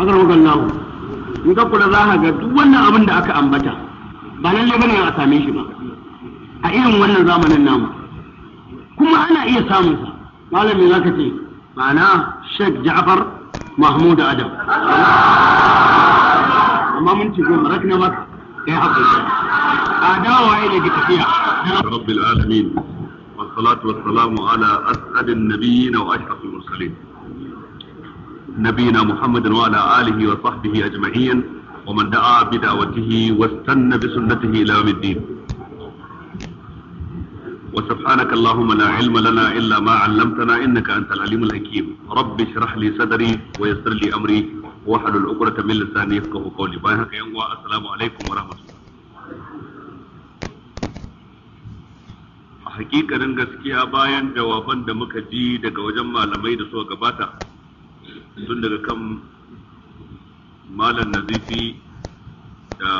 haka rogon lahu in ka kula za ga duk wannan abin da aka ambata ba lalle bane a same shi ba a irin wannan zamanin namu kuma ana iya samun sa malamin ka ce ma'ana shek Ja'far Mahmud Adam amma mun ci goma rakina ba kai hakuri adawa yi daga tafiya rabbil alamin والصلاة والسلام على أسعد النبيين وأشرف المرسلين نبينا محمد وعلى آله وصحبه أجمعين ومن دعا بدعوته واستنى بسنته إلى يوم الدين وسبحانك اللهم لا علم لنا إلا ما علمتنا إنك أنت العليم الحكيم رب اشرح لي صدري ويسر لي أمري واحلل عقدة من لساني يفقه قولي بايعك يا السلام عليكم ورحمة الله hakikanin gaskiya bayan jawaban da muka ji daga wajen malamai da suka gabata tun daga kan malam nazifi da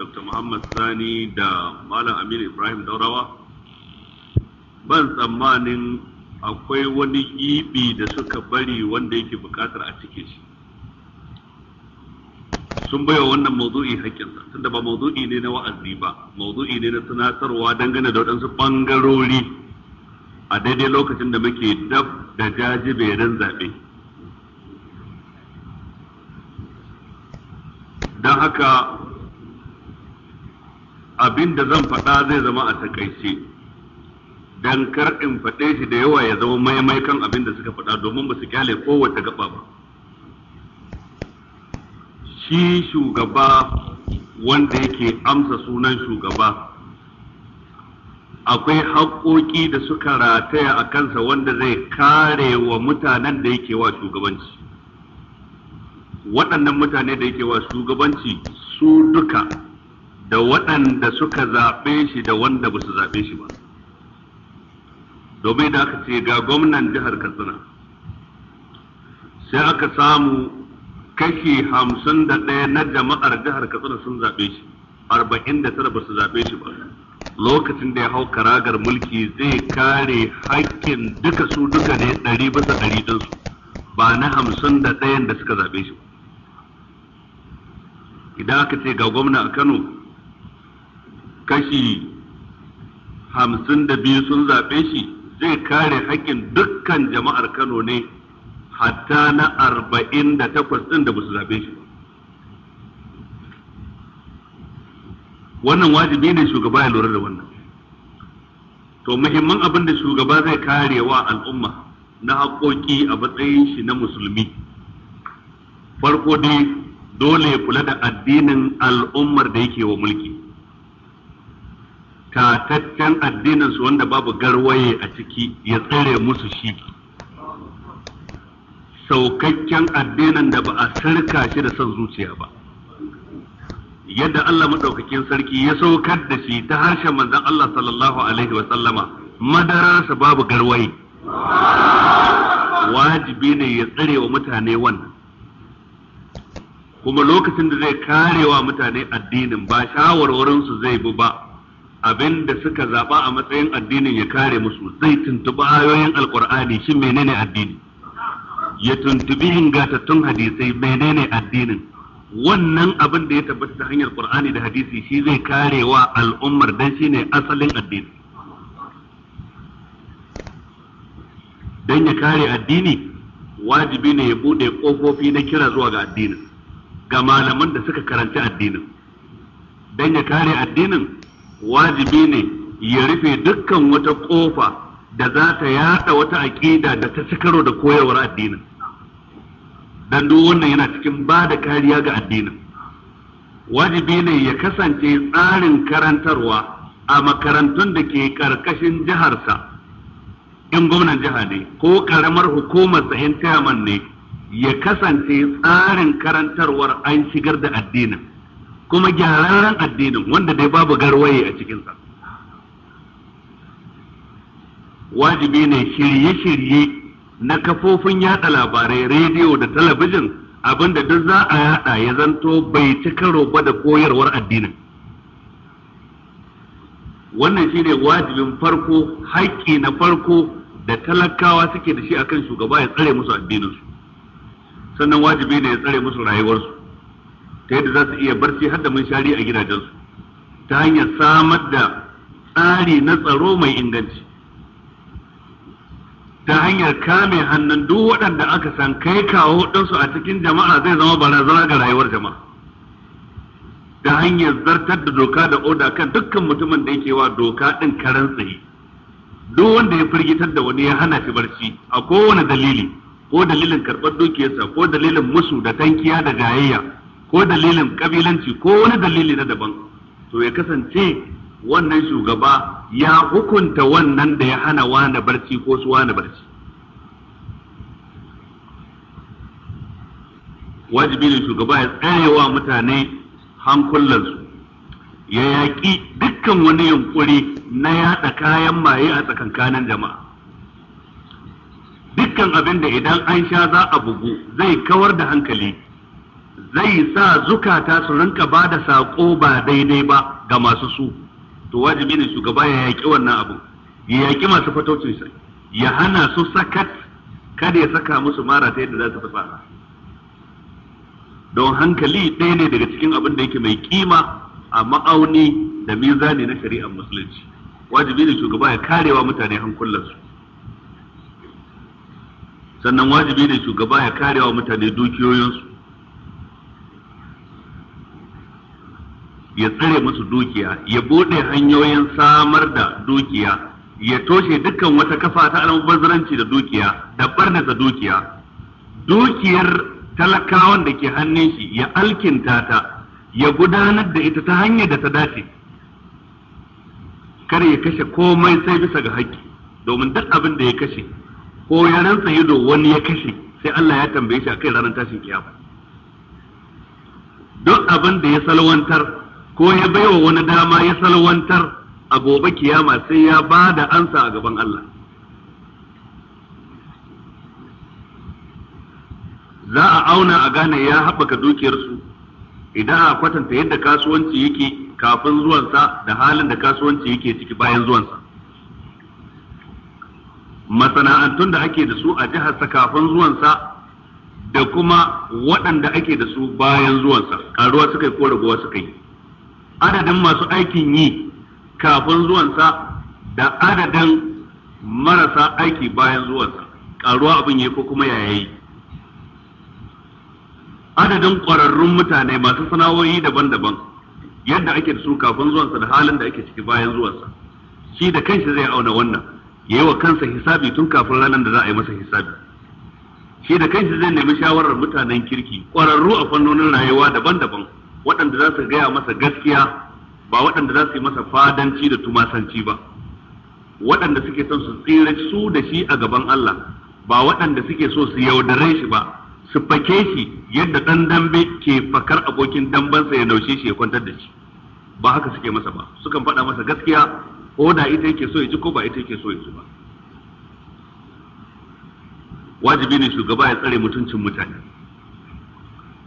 dr muhammad sani da malam aminu ibrahim daurawa ban tsammanin akwai wani gibi da suka bari wanda yake bukatar a cike shi sun baiwa wannan maudu'i haƙƙinsa tunda ba maudu'i ne na wa'azi ba maudu'i ne na tunatarwa dangane da waɗansu ɓangarori a daidai lokacin da muke dab da jajiberin zaɓe don haka abin da zan faɗa zai zama a takaice don kar in faɗe shi da yawa ya zama maimai kan abin da suka faɗa domin ba su kyale kowace gaba ba shi shugaba wanda yake amsa sunan shugaba akwai haƙoƙi da suka rataya a kansa wanda zai kare wa mutanen da yake wa shugabanci waɗannan mutane da yake wa shugabanci su duka da waɗanda suka zaɓe shi da wanda ba su zaɓe shi ba domin da aka ce ga gwamnan jihar katsina sai aka samu kashi hamsin da ɗaya na jama'ar jihar katsina sun zaɓe shi arba'in da tara ba su zaɓe shi ba lokacin da ya hau karagar mulki zai kare haƙƙin duka su duka ne ɗari bisa ɗari ɗinsu ba na hamsin da ɗayan da suka zaɓe shi ba idan aka ce ga gwamna a kano kashi hamsin da biyu sun zaɓe shi zai kare haƙƙin dukkan jama'ar kano ne hatta na arba'in da takwas ɗin da su zaɓe shi wannan wajibi ne shugaba ya lura da wannan to muhimman abin da shugaba zai kare wa al'umma na haƙoƙi a matsayin shi na musulmi farko dai dole ya kula da addinin al'ummar da yake wa mulki Kataccen addinin wanda babu garwaye a ciki ya tsare musu shi saukakken addinin da ba a sarka shi da son zuciya ba yadda Allah maɗaukakin sarki ya saukar da shi ta harshen manzon Allah sallallahu alaihi wa madararsa babu garwaye wajibi ne ya tsare wa mutane wannan kuma lokacin da zai karewa mutane addinin ba shawarwarinsu zai bi ba abin da suka zaba a matsayin addinin ya kare musu zai tuntuɓi ayoyin alkur'ani shi menene addini ya tuntuɓi ingantattun hadisai menene addinin wannan abin da ya tabbata ta hanyar qur'ani da hadisi shi zai karewa al'ummar dan shine asalin addini dan ya kare addini wajibi ne ya bude kofofi na kira zuwa ga addinin ga malaman da suka karanci addinin don ya kare addinin wajibi ne ya rufe dukkan wata kofa da za ta yada wata aƙida da ta ci da koyarwar addinin don duk wannan yana cikin ba da kariya ga addinin wajibi ne ya kasance tsarin karantarwa a makarantun da ke karkashin jiharsa in gwamnan jiha ne ko karamar hukumar sahintaman ne ya kasance tsarin karantarwar an shigar da addinin kuma gyararren addinin wanda dai babu garwaye a cikinsa wajibi ne shirye-shirye na kafofin yada labarai rediyo da talabijin abinda duk za a yada ya zanto bai ci karo ba da koyarwar addinin wannan shi ne wajibin farko haƙƙi na farko da talakawa suke da shi akan shugaba ya tsare musu addininsu sannan wajibi ne ya tsare musu rayuwarsu ta yadda za su iya barci har da mun shari a gidajensu ta hanyar samar da tsari na tsaro mai inganci ta hanyar kame hannun duk waɗanda aka san kai kawo ɗansu a cikin jama'a zai zama barazana ga rayuwar jama'a ta hanyar zartar da doka da oda kan dukkan mutumin da yake wa doka ɗin karen tsaye duk wanda ya firgitar da wani ya hana shi barci a kowane dalili ko dalilin karɓar dukiyarsa ko dalilin musu da tankiya da jayayya ko dalilin kabilanci ko wani dalili na daban to ya kasance wannan shugaba ya hukunta wannan da ya hana wani barci ko su wani barci wajibi ne shugaba ya wa mutane hankulansu ya yaƙi dukkan wani yunkuri na yaɗa kayan maye a tsakankanin jama'a dukkan abin da idan an sha za a bugu zai kawar da hankali zai sa zukata su rinka ba da sako ba daidai ba ga masu su to wajibi ne shugaba ya yaƙi wannan abu ya yaƙi masu fatocin sa ya hana su sakat kada ya saka musu mara ta yadda za su fasara don hankali ɗaya ne daga cikin abin da yake mai kima a ma'auni da mizani na shari'ar musulunci wajibi ne shugaba ya karewa mutane hankulansu sannan wajibi ne shugaba ya kare wa mutane dukiyoyinsu ya tsare musu dukiya ya bude hanyoyin samar da dukiya ya toshe dukkan wata kafa ta almubazzaranci da dukiya da barnata dukiya dukiyar talakawan da ke hannun shi ya alkinta ta ya gudanar da ita ta hanyar da ta dace kar ya kashe komai sai bisa ga haƙƙi domin duk abin da ya kashe ko ya rantsa ido wani ya kashe sai Allah ya tambaye shi kai ranar tashin kiyama duk abin da ya salwantar ko ya baiwa wani dama ya salwantar a gobe kiyama sai ya ba da ansa a gaban Allah za a auna a gane ya haɓaka dukiyarsu idan a kwatanta yadda kasuwanci yake kafin zuwansa da halin da kasuwanci yake ciki bayan zuwansa masana'antun da ake da su a jihar sa kafin zuwansa da kuma waɗanda ake da su bayan zuwansa karuwa suka yi ko raguwa suka yi adadin masu aikin yi kafin zuwansa da adadin marasa aiki bayan zuwansa karuwa abin yi ko kuma yaya yi. adadin ƙwararrun mutane masu sana'o'i daban-daban yadda ake da su kafin zuwansa da halin da ake ciki bayan zuwansa shi da kanshi zai auna wannan Ya yi wa kansa hisabi tun kafin ranar da za a yi masa hisabi shi da kanshi zai nemi shawarar mutanen kirki ƙwararru a fannonin rayuwa daban-daban waɗanda za su gaya masa gaskiya ba waɗanda za su yi masa fadanci da tumasanci ba waɗanda suke son su tsira su da shi a gaban Allah ba waɗanda suke so su yaudare shi ba su fake shi yadda ɗan dambe ke fakar abokin dambansa ya naushe shi ya kwantar da shi ba haka suke masa ba sukan faɗa masa gaskiya ko na ita yake so ya ji ko ba ita yake so ya ji ba wajibi ne shugaba ya tsare mutuncin mutane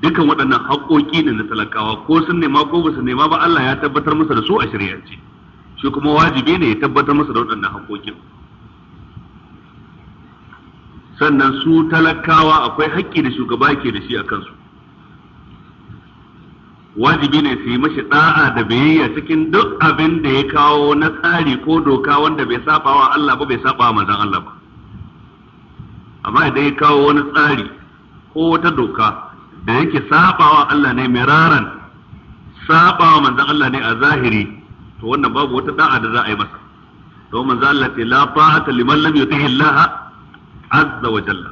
dukan waɗannan haƙoƙi ne na talakawa ko sun nema ko ba su nema ba Allah ya tabbatar musu da su a ce, shi kuma wajibi ne ya tabbatar masa da waɗannan haƙoƙin sannan su talakawa akwai haƙƙi da shugaba ke da shi a kansu wajibi ne su yi mashi da'a da biyayya cikin duk abin da ya kawo na tsari ko doka wanda bai saba wa Allah ba bai saba wa manzon Allah ba amma idan ya kawo wani tsari ko wata doka da yake saba wa Allah ne miraran saba wa manzon Allah ne a zahiri to wannan babu wata da'a da za a yi masa to manzon Allah ce la ta'ata liman lam yutihi Allah azza wa jalla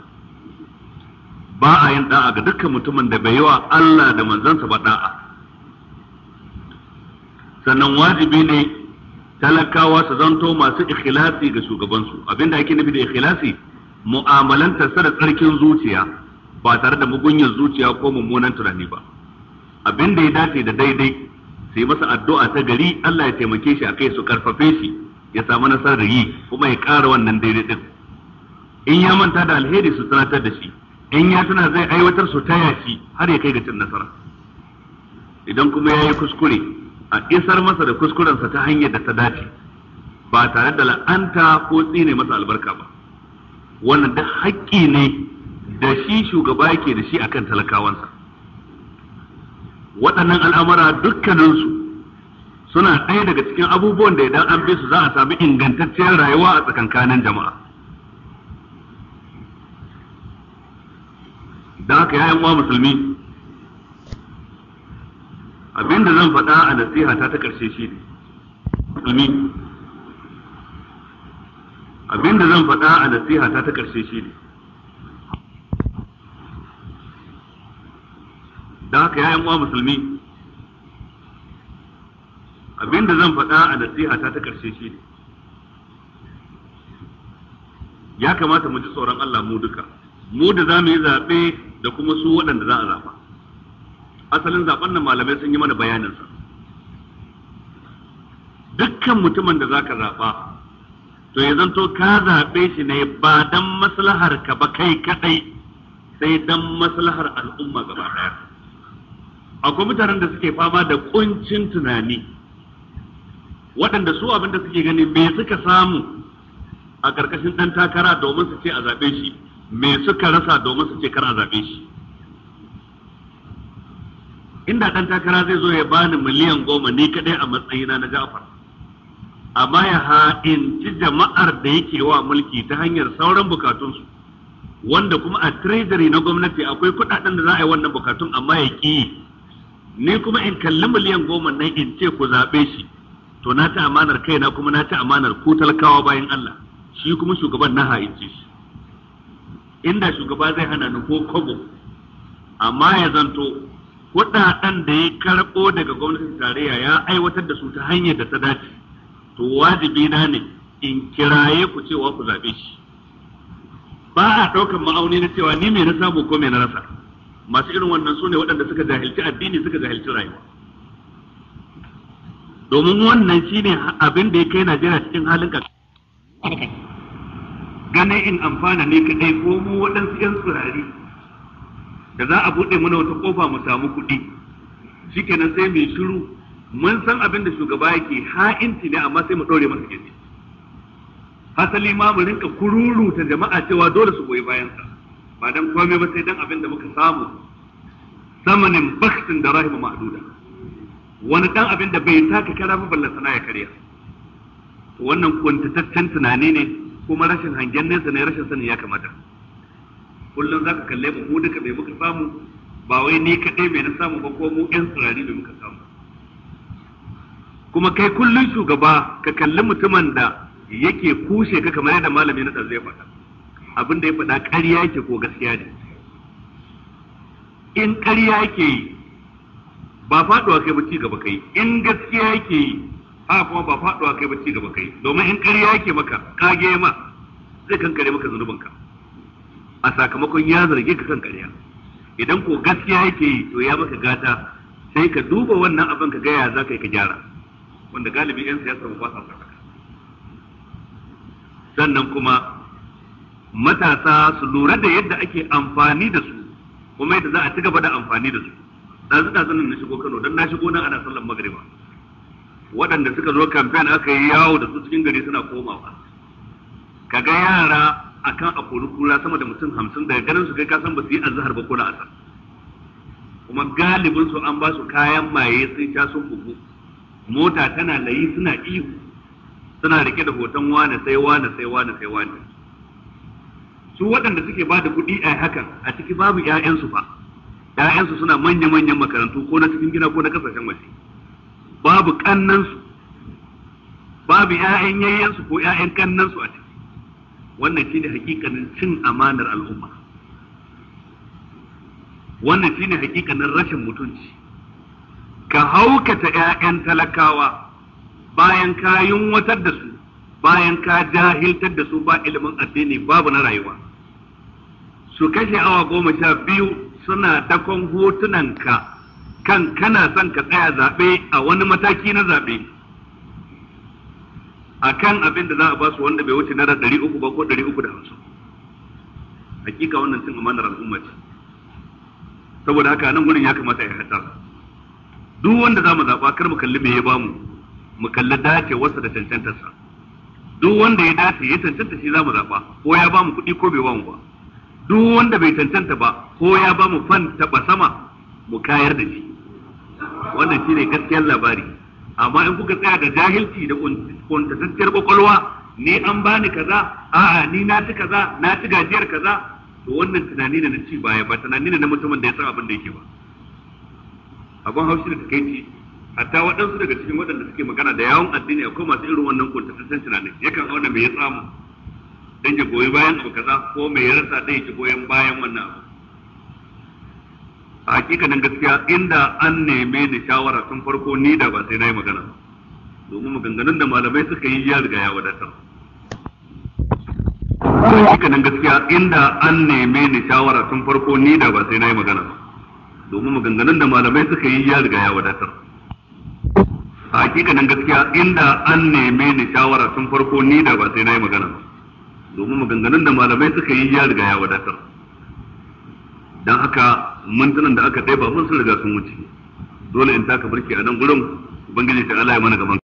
ba a yin da'a ga dukkan mutumin da bai yi wa Allah da manzansa ba da'a sannan wajibi ne talakawa su zanto masu ikhlasi ga shugabansu abinda ake nufi da ikhlasi mu'amalanta sa da tsarkin zuciya ba tare da mugunyar zuciya ko mummunan tunani ba abinda ya dace da daidai sai masa addu'a ta gari Allah ya taimake shi akai su karfafe shi ya samu nasarar yi kuma ya ƙara wannan daidai din in ya manta da alheri su tunatar da shi in ya tuna zai aiwatar su taya shi har ya kai ga cin nasara idan kuma ya yi kuskure a isar masa da kuskurensa ta hanyar da ta dace ba tare da la'anta ko tsine masa albarka ba wannan da haƙƙi ne da shi shugaba yake da shi akan talakawansa waɗannan al'amura dukkaninsu suna ɗaya daga cikin abubuwan da idan an bi su za a sami ingantacciyar rayuwa a tsakankanin jama'a da haka yayan ma musulmi faɗa a nasiha ta ta ƙarshe shi ne Abin abinda zan faɗa a nasiha ta ta ƙarshe shi ne da haka ya uwa musulmi abinda zan faɗa a nasiha ta ta ƙarshe shi ne ya kamata mu ji tsoron Allah mu duka mu da za mu yi zaɓe da kuma su waɗanda za a zaɓa asalin zaben nan malamai sun yi mana bayaninsa dukkan mutumin da zaka zaba to ya zanto ka zaɓe shi ne ba dan maslahar ka ba kai kadai sai dan maslahar al'umma gaba daya akwai mutanen da suke fama da kuncin tunani waɗanda su abinda suke gani me suka samu a ƙarƙashin ɗan takara domin su ce a zaɓe shi me suka rasa domin su ce kar a zaɓe shi inda dan takara zai zo ya bani miliyan goma ni kaɗai a matsayina na Ja'far amma ya ci jama'ar da yake wa mulki ta hanyar sauran bukatunsu wanda kuma a treasury na gwamnati akwai kuɗaɗen da za a yi wannan bukatun amma ya ki ni kuma in kalli miliyan goma nan in ce ku zaɓe shi to na ta amanar kaina kuma na ta amanar ku talakawa bayan Allah shi kuma shugaban na ha'inci shi inda shugaba zai hana ni ko kobo amma ya zanto kuɗaɗen da ya karɓo daga gwamnatin tarayya ya aiwatar da su ta hanyar da ta dace to wajibi na ne in kiraye ku cewa ku zaɓe shi ba a ɗaukar ma'auni na cewa ni mai na samu ko mai na rasa masu irin wannan su ne waɗanda suka jahilci addini suka jahilci rayuwa domin wannan shine abin da ya kai Najeriya cikin halin ka ganin in amfana ne kadai ko mu waɗansu 'yan tsirari da za a buɗe mana wata ƙofa mu samu kuɗi kenan sai mai shiru mun san abin da shugaba yake ha'inci ne amma sai mu ɗaure masa gefe hasali ma mu rinka kururuta jama'a cewa dole su goyi bayansa ba dan komai ba sai dan abin da muka samu samanin baktin da rahima ma'duda wani dan abin da bai taka kara ba balla sana ya karya wannan kwantattaccen tunani ne kuma rashin hangen nesa ne rashin sanin ya kamata kullum za ka kalle mu mu duka bai muka samu ba wai ni kaɗai bai na samu ba ko mu ɗin tsirari bai muka samu kuma kai kullum shugaba ka kalli mutumin da yake kushe ka kamar yadda malami na zai faɗa abin da ya faɗa ƙarya yake ko gaskiya ne in ƙarya yake yi ba faɗuwa kai ba ci gaba kai in gaskiya yake yi ha kuma ba faɗuwa kai ba ci gaba kai domin in ƙarya yake maka kage ma zai kankare maka zunubinka a sakamakon ya zarge ka kan karya idan ko gaskiya yake yi to ya maka gata sai ka duba wannan abin ka gaya za ka yi ka gyara wanda galibi 'yan siyasa ba sa sannan kuma matasa su lura da yadda ake amfani da su kuma yadda za a ci gaba da amfani da su su ɗazu nan na shigo kano don na shigo nan ana sallan magriba waɗanda suka zo kamfen aka yi yawo da su cikin gari suna komawa kaga yara akan a kori kura sama da mutum hamsin daga ganin su kai ka san ba su yi azhar ba ko da asar kuma galibin su an ba su kayan maye sun sha sun bugu mota tana layi suna ihu suna rike da hoton wane sai wane sai wane sai wane su waɗanda suke ba da kuɗi a hakan a ciki babu 'ya'yansu ba 'ya'yansu suna manya-manyan makarantu ko na cikin gida ko na kasashen waje babu kannansu babu 'ya'yan yayyansu ko 'ya'yan kannansu a ciki wannan shine hakikanin cin amanar al'umma wannan shine hakikanin rashin mutunci ka haukata 'ya'yan talakawa bayan ka yunwatar da su bayan ka jahiltar da su ba ilimin addini babu na rayuwa su kashe awa goma sha biyu suna dakon hotunanka kan kana son ka tsaya zaɓe a wani mataki na zaɓe A kan abin da za a basu wanda bai wuce naira ɗari uku ba ko ɗari uku da hamsin hakika wannan cin amanar al'umma ce saboda haka nan gurin ya kamata ya hatar duk wanda za mu zaɓa kar mu kalli me ya bamu mu kalli wasa da cancantarsa duk wanda ya dace ya cancanta shi za mu zaɓa ko ya bamu kuɗi ko bai bamu ba duk wanda bai cancanta ba ko ya bamu fan taɓa sama mu kayar da shi wannan shine gaskiyar labari amma in kuka tsaya da jahilci da kuntatacciyar kwakwalwa ne an bani kaza a'a ni na ci kaza na ci gajiyar kaza to wannan tunani ne na ci baya ba tunani ne na mutumin da ya san abin da yake ba abin haushi da ci hatta waɗansu daga cikin waɗanda suke magana da yawon addini akwai masu irin wannan kuntataccen tunanin yakan auna me ya samu dan ya goyi bayan abu kaza ko mai ya rasa dai ya goyen bayan wannan abu hakikanin gaskiya inda an neme ni shawara tun farko ni da ba sai na yi magana domin maganganun da malamai suka yi ya riga ya wadatar hakikanin gaskiya inda an neme ni shawara tun farko ni da ba sai na yi magana domin maganganun da malamai suka yi ya riga ya wadatar hakikanin gaskiya inda an neme ni shawara tun farko ni da ba sai na yi magana domin maganganun da malamai suka yi ya riga ya wadatar don haka mintunan da aka ɗaya ba mun sun riga sun wuce dole in taka barki a nan gurin ubangiji ta Allah ya mana gaban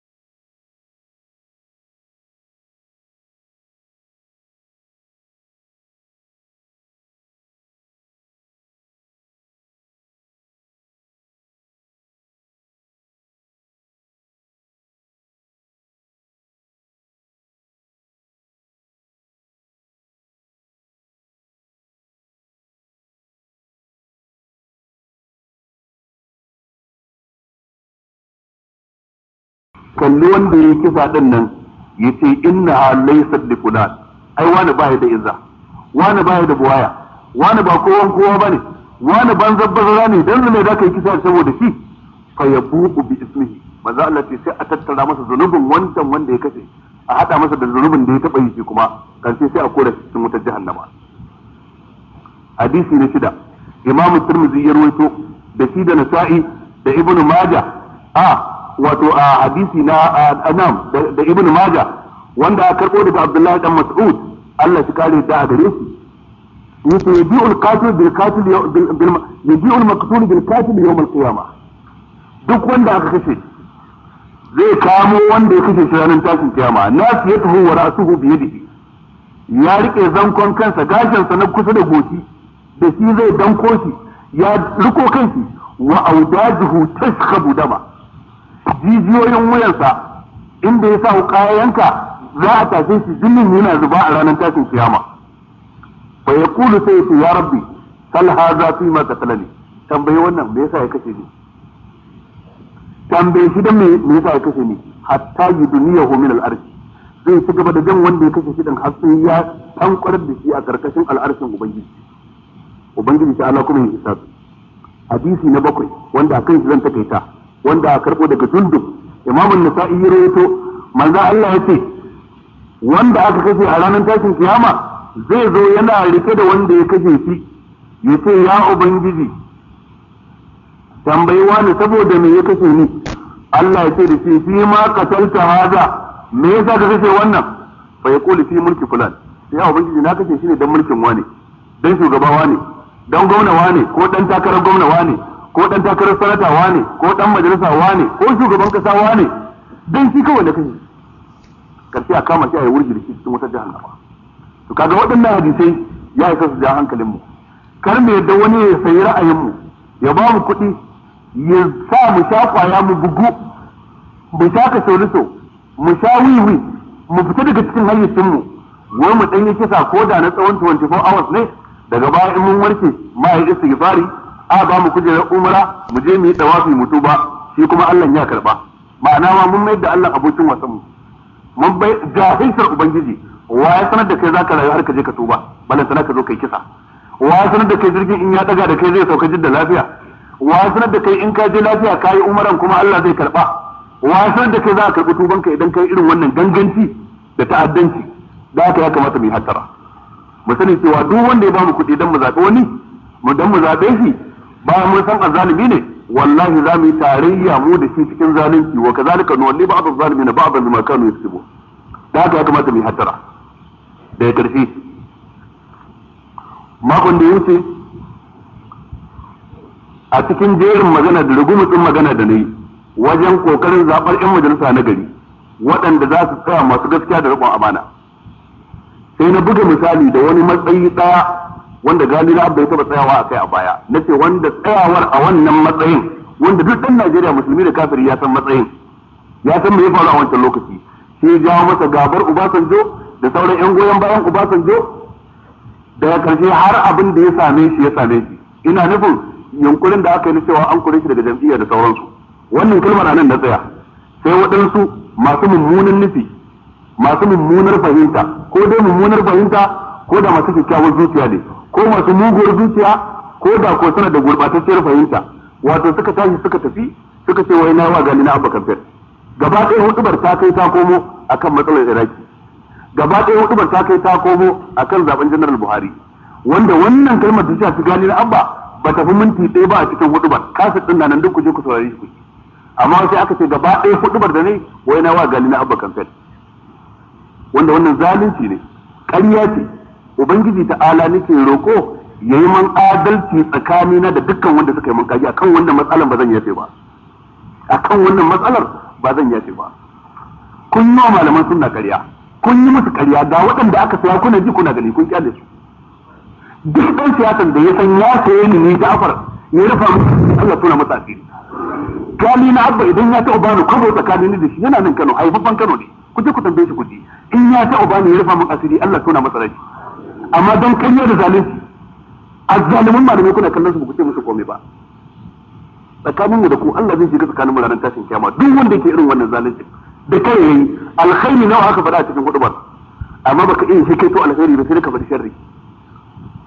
kalli wanda ya yi kisa ɗin nan ya ce inna laysa li fulan ai wani ba da izza wani ba da buwaya wani ba kowan kowa ne. wani ban zabbazara ne dan ne da kai kisa saboda shi fa yabuqu bi ismihi manzo Allah ce sai a tattara masa zunubin wancan wanda ya kashe a hada masa da zunubin da ya taba yi kuma kan sai a kora cikin wutar jahannama hadisi na shida imam tirmidhi ya ruwaito da shi da nasa'i da ibnu majah a wato a hadisi na anam da ibn maja wanda a karbo daga abdullahi dan mas'ud Allah shi kare da gare shi yace yabi'ul qatil bil qatil bil yabi'ul maqtul bil qatil yawm al duk wanda aka kashe zai kamo wanda ya kashe shi ranar tashin kiyama nasiyatuhu wa ra'suhu bi yadihi ya rike zankon kansa gashinsa na kusa da goshi da shi zai danko shi ya riko kansa wa audajuhu tashkhabu dama jijiyoyin wuyansa inda ya sa wuka yanka za a tashe shi jinin yana zuba a ranar tashin kiyama fa Kulu sai yace ya rabbi sal hadha fi ma qatalani tambayi wannan me yasa ya kashe ni tambaye shi dan me yasa ya kashe ni hatta yi min al-arsh zai ci gaba da jan wanda ya kashe shi dan har sai ya tankwarar da shi a karkashin al'arshin ubangiji ubangiji ta Allah kuma ya hisabi hadisi na bakwai wanda akan shi zan takaita wanda a karɓo daga jundub imamun nasa'i ya rawaito manzo Allah ya ce wanda aka kashe a ranar tashin kiyama zai zo yana rike da wanda ya kashe shi ya ce ya ubangiji tambayi wani saboda me ya kashe ni Allah ya ce da shi shi ma kasalta haza me yasa ka kashe wannan fa ya kuli fi mulki fulan Ya ubangiji na kashe shi ne dan mulkin wani dan shugaba wani dan gwamna wani ko dan takarar gwamna wani ko dan takarar sanata wane ko dan majalisa wane ko shugaban kasa wane dan shi kawai da kai karshe a kama shi a yi wurgi da shi cikin wata jahannama to kaga waɗannan hadisai ya yi kasu ja hankalin mu kar mu yadda wani ya sayi ra'ayin mu ya ba mu kuɗi ya sa mu sha kwaya mu bugu mu sha ka sauriso mu sha wiwi mu fita daga cikin hayyacin mu wai mu ɗan yi kisa ko da na tsawon 24 hours ne daga baya in mun warke ma yi istighfari a ba mu kujerar umara mu je mu yi tawafi mu tuba shi kuma Allah ya karba ma'ana ma mun mai da Allah abokin wasan mu mun bai jahilcin ubangiji wa ya sanar da kai zaka rayu har ka je ka tuba balan sanar ka zo kai kisa wa ya sanar da kai jirgin in ya daga da kai zai sauka jidda lafiya wa ya sanar da kai in ka je lafiya ka yi umaran kuma Allah zai karba wa ya sanar da kai za ka tuban tubanka idan kai irin wannan ganganci da ta'addanci da haka ya kamata mu yi hattara mu sani cewa duk wanda ya ba mu kuɗi dan mu zaɓi wani mu dan mu zaɓe shi bayan mun san azzalimi ne wallahi za mu yi tarayya mu da shi cikin zalunci wa kazalika nuwalli ba'd az-zalimina ne bima kanu yaksubu da haka ya kamata mu yi hattara da karfi makon da yace a cikin jerin magana da rugumutsin magana da nayi wajen kokarin zabar yan majalisa na gari waɗanda za su tsaya masu gaskiya da riƙon amana sai na buga misali da wani matsayi ɗaya wanda gani na ya taba tsayawa a kai a baya na ce wanda tsayawar a wannan matsayin wanda duk ɗan Najeriya musulmi da kafiri ya san matsayin ya san me ya faru a wancan lokaci shi ya jawo masa gabar Ubasanjo da sauran yan goyon bayan Ubasanjo daga karshe har abin da ya same shi ya same shi ina nufin yunkurin da aka yi na cewa an kure shi daga jam'iyya da sauransu wannan kalmar nan na tsaya sai waɗansu masu mummunan nufi masu mummunar fahimta ko dai mummunar fahimta ko da masu kyakkyawar zuciya ne ko masu muguwar zuciya ko da ko tana da gurbatacciyar fahimta wato suka tashi suka tafi suka ce wai na wa gani na abba kafir gaba ɗaya hudubar ta kai ta komo akan matsalar iraki gaba ɗaya hudubar ta kai ta komo akan zaben janar buhari wanda wannan kalmar ta shafi gani na abba ba tafi minti ɗaya ba a cikin hudubar kasa ɗin nan duk ku je ku saurari ku amma sai aka ce gaba ɗaya hudubar da ne wai na wa gani na abba kafir wanda wannan zalunci ne ƙarya ce ubangiji ala nake roko yi man adalci tsakanina da dukkan wanda suka yi man kaji akan wannan matsalar ba zan yafe ba akan wannan matsalar ba zan yafe ba kun yi wa malaman suna ƙarya kun yi musu ƙarya ga waɗanda aka saya kuna ji kuna gani kun kyale su duk ɗan siyasan da ya san ya saye ni ni Ja'far ya rufa musu Allah tura masa asiri kali na abba idan ya taɓa bani kwabo tsakanin da shi yana nan Kano babban Kano ne kuje ku tambaye shi ku in ya taɓa bani ya rufa min asiri Allah tura masa rai amma don kanyo da zalunci azzalimin malamai kuna kallon su ba ku ce musu komai ba tsakanin mu da ku Allah zai shiga tsakanin mu ranar tashin kiyama duk wanda yake irin wannan zalunci da kai yayi alkhairi nawa aka faɗa a cikin hudubar amma baka iya shi kai to alkhairi ba sai ka faɗi sharri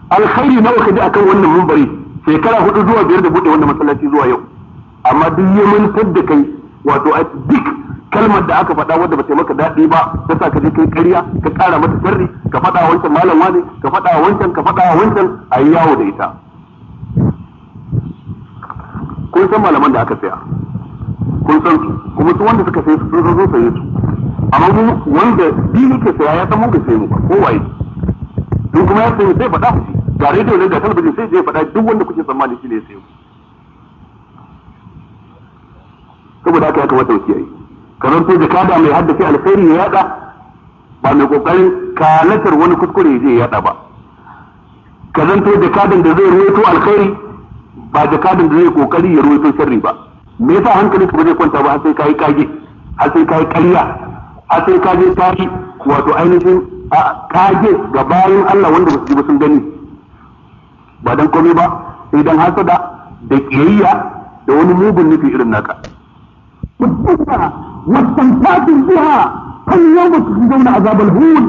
alkhairi nawa ka ji akan wannan mumbari shekara hudu zuwa biyar da bude wannan masallaci zuwa yau amma duk yamantar da kai wato a duk kalmar da aka faɗa wanda ba sai maka daɗi ba ta sa ka je kai ƙarya ka ƙara mata sharri ka faɗa wancan malam wani ka faɗa wancan ka faɗa wancan a yi yawo da ita kun san malaman da aka saya kun san su kuma su wanda suka saya su sun zo saye su amma mu wanda bi yake saya ya san mun ka saye mu ba ko waye in kuma ya sayi sai faɗa ku shi ga rediyo ne ga talabijin sai zai faɗa duk wanda kuke tsammani shi ne ya saye saboda haka ya kamata mu kiyaye kamar to jakada mai haddace alkhairi ya yada ba mai kokarin kalatar wani kuskure zai yada ba ka zanto jakadan da zai ruwaito alkhairi ba jakadan da zai kokari ya ruwaito sharri ba me yasa hankali ka zai kwanta ba har sai kai kage har sai kai ƙarya har sai ka je tashi wato ainihin kage ga bayan Allah wanda ba su ji ba sun gani ba dan komai ba sai dan hasada da kiyayya da wani mugun nufi irin naka واستمتعتم بها كل يوم تخرجون عذاب الهول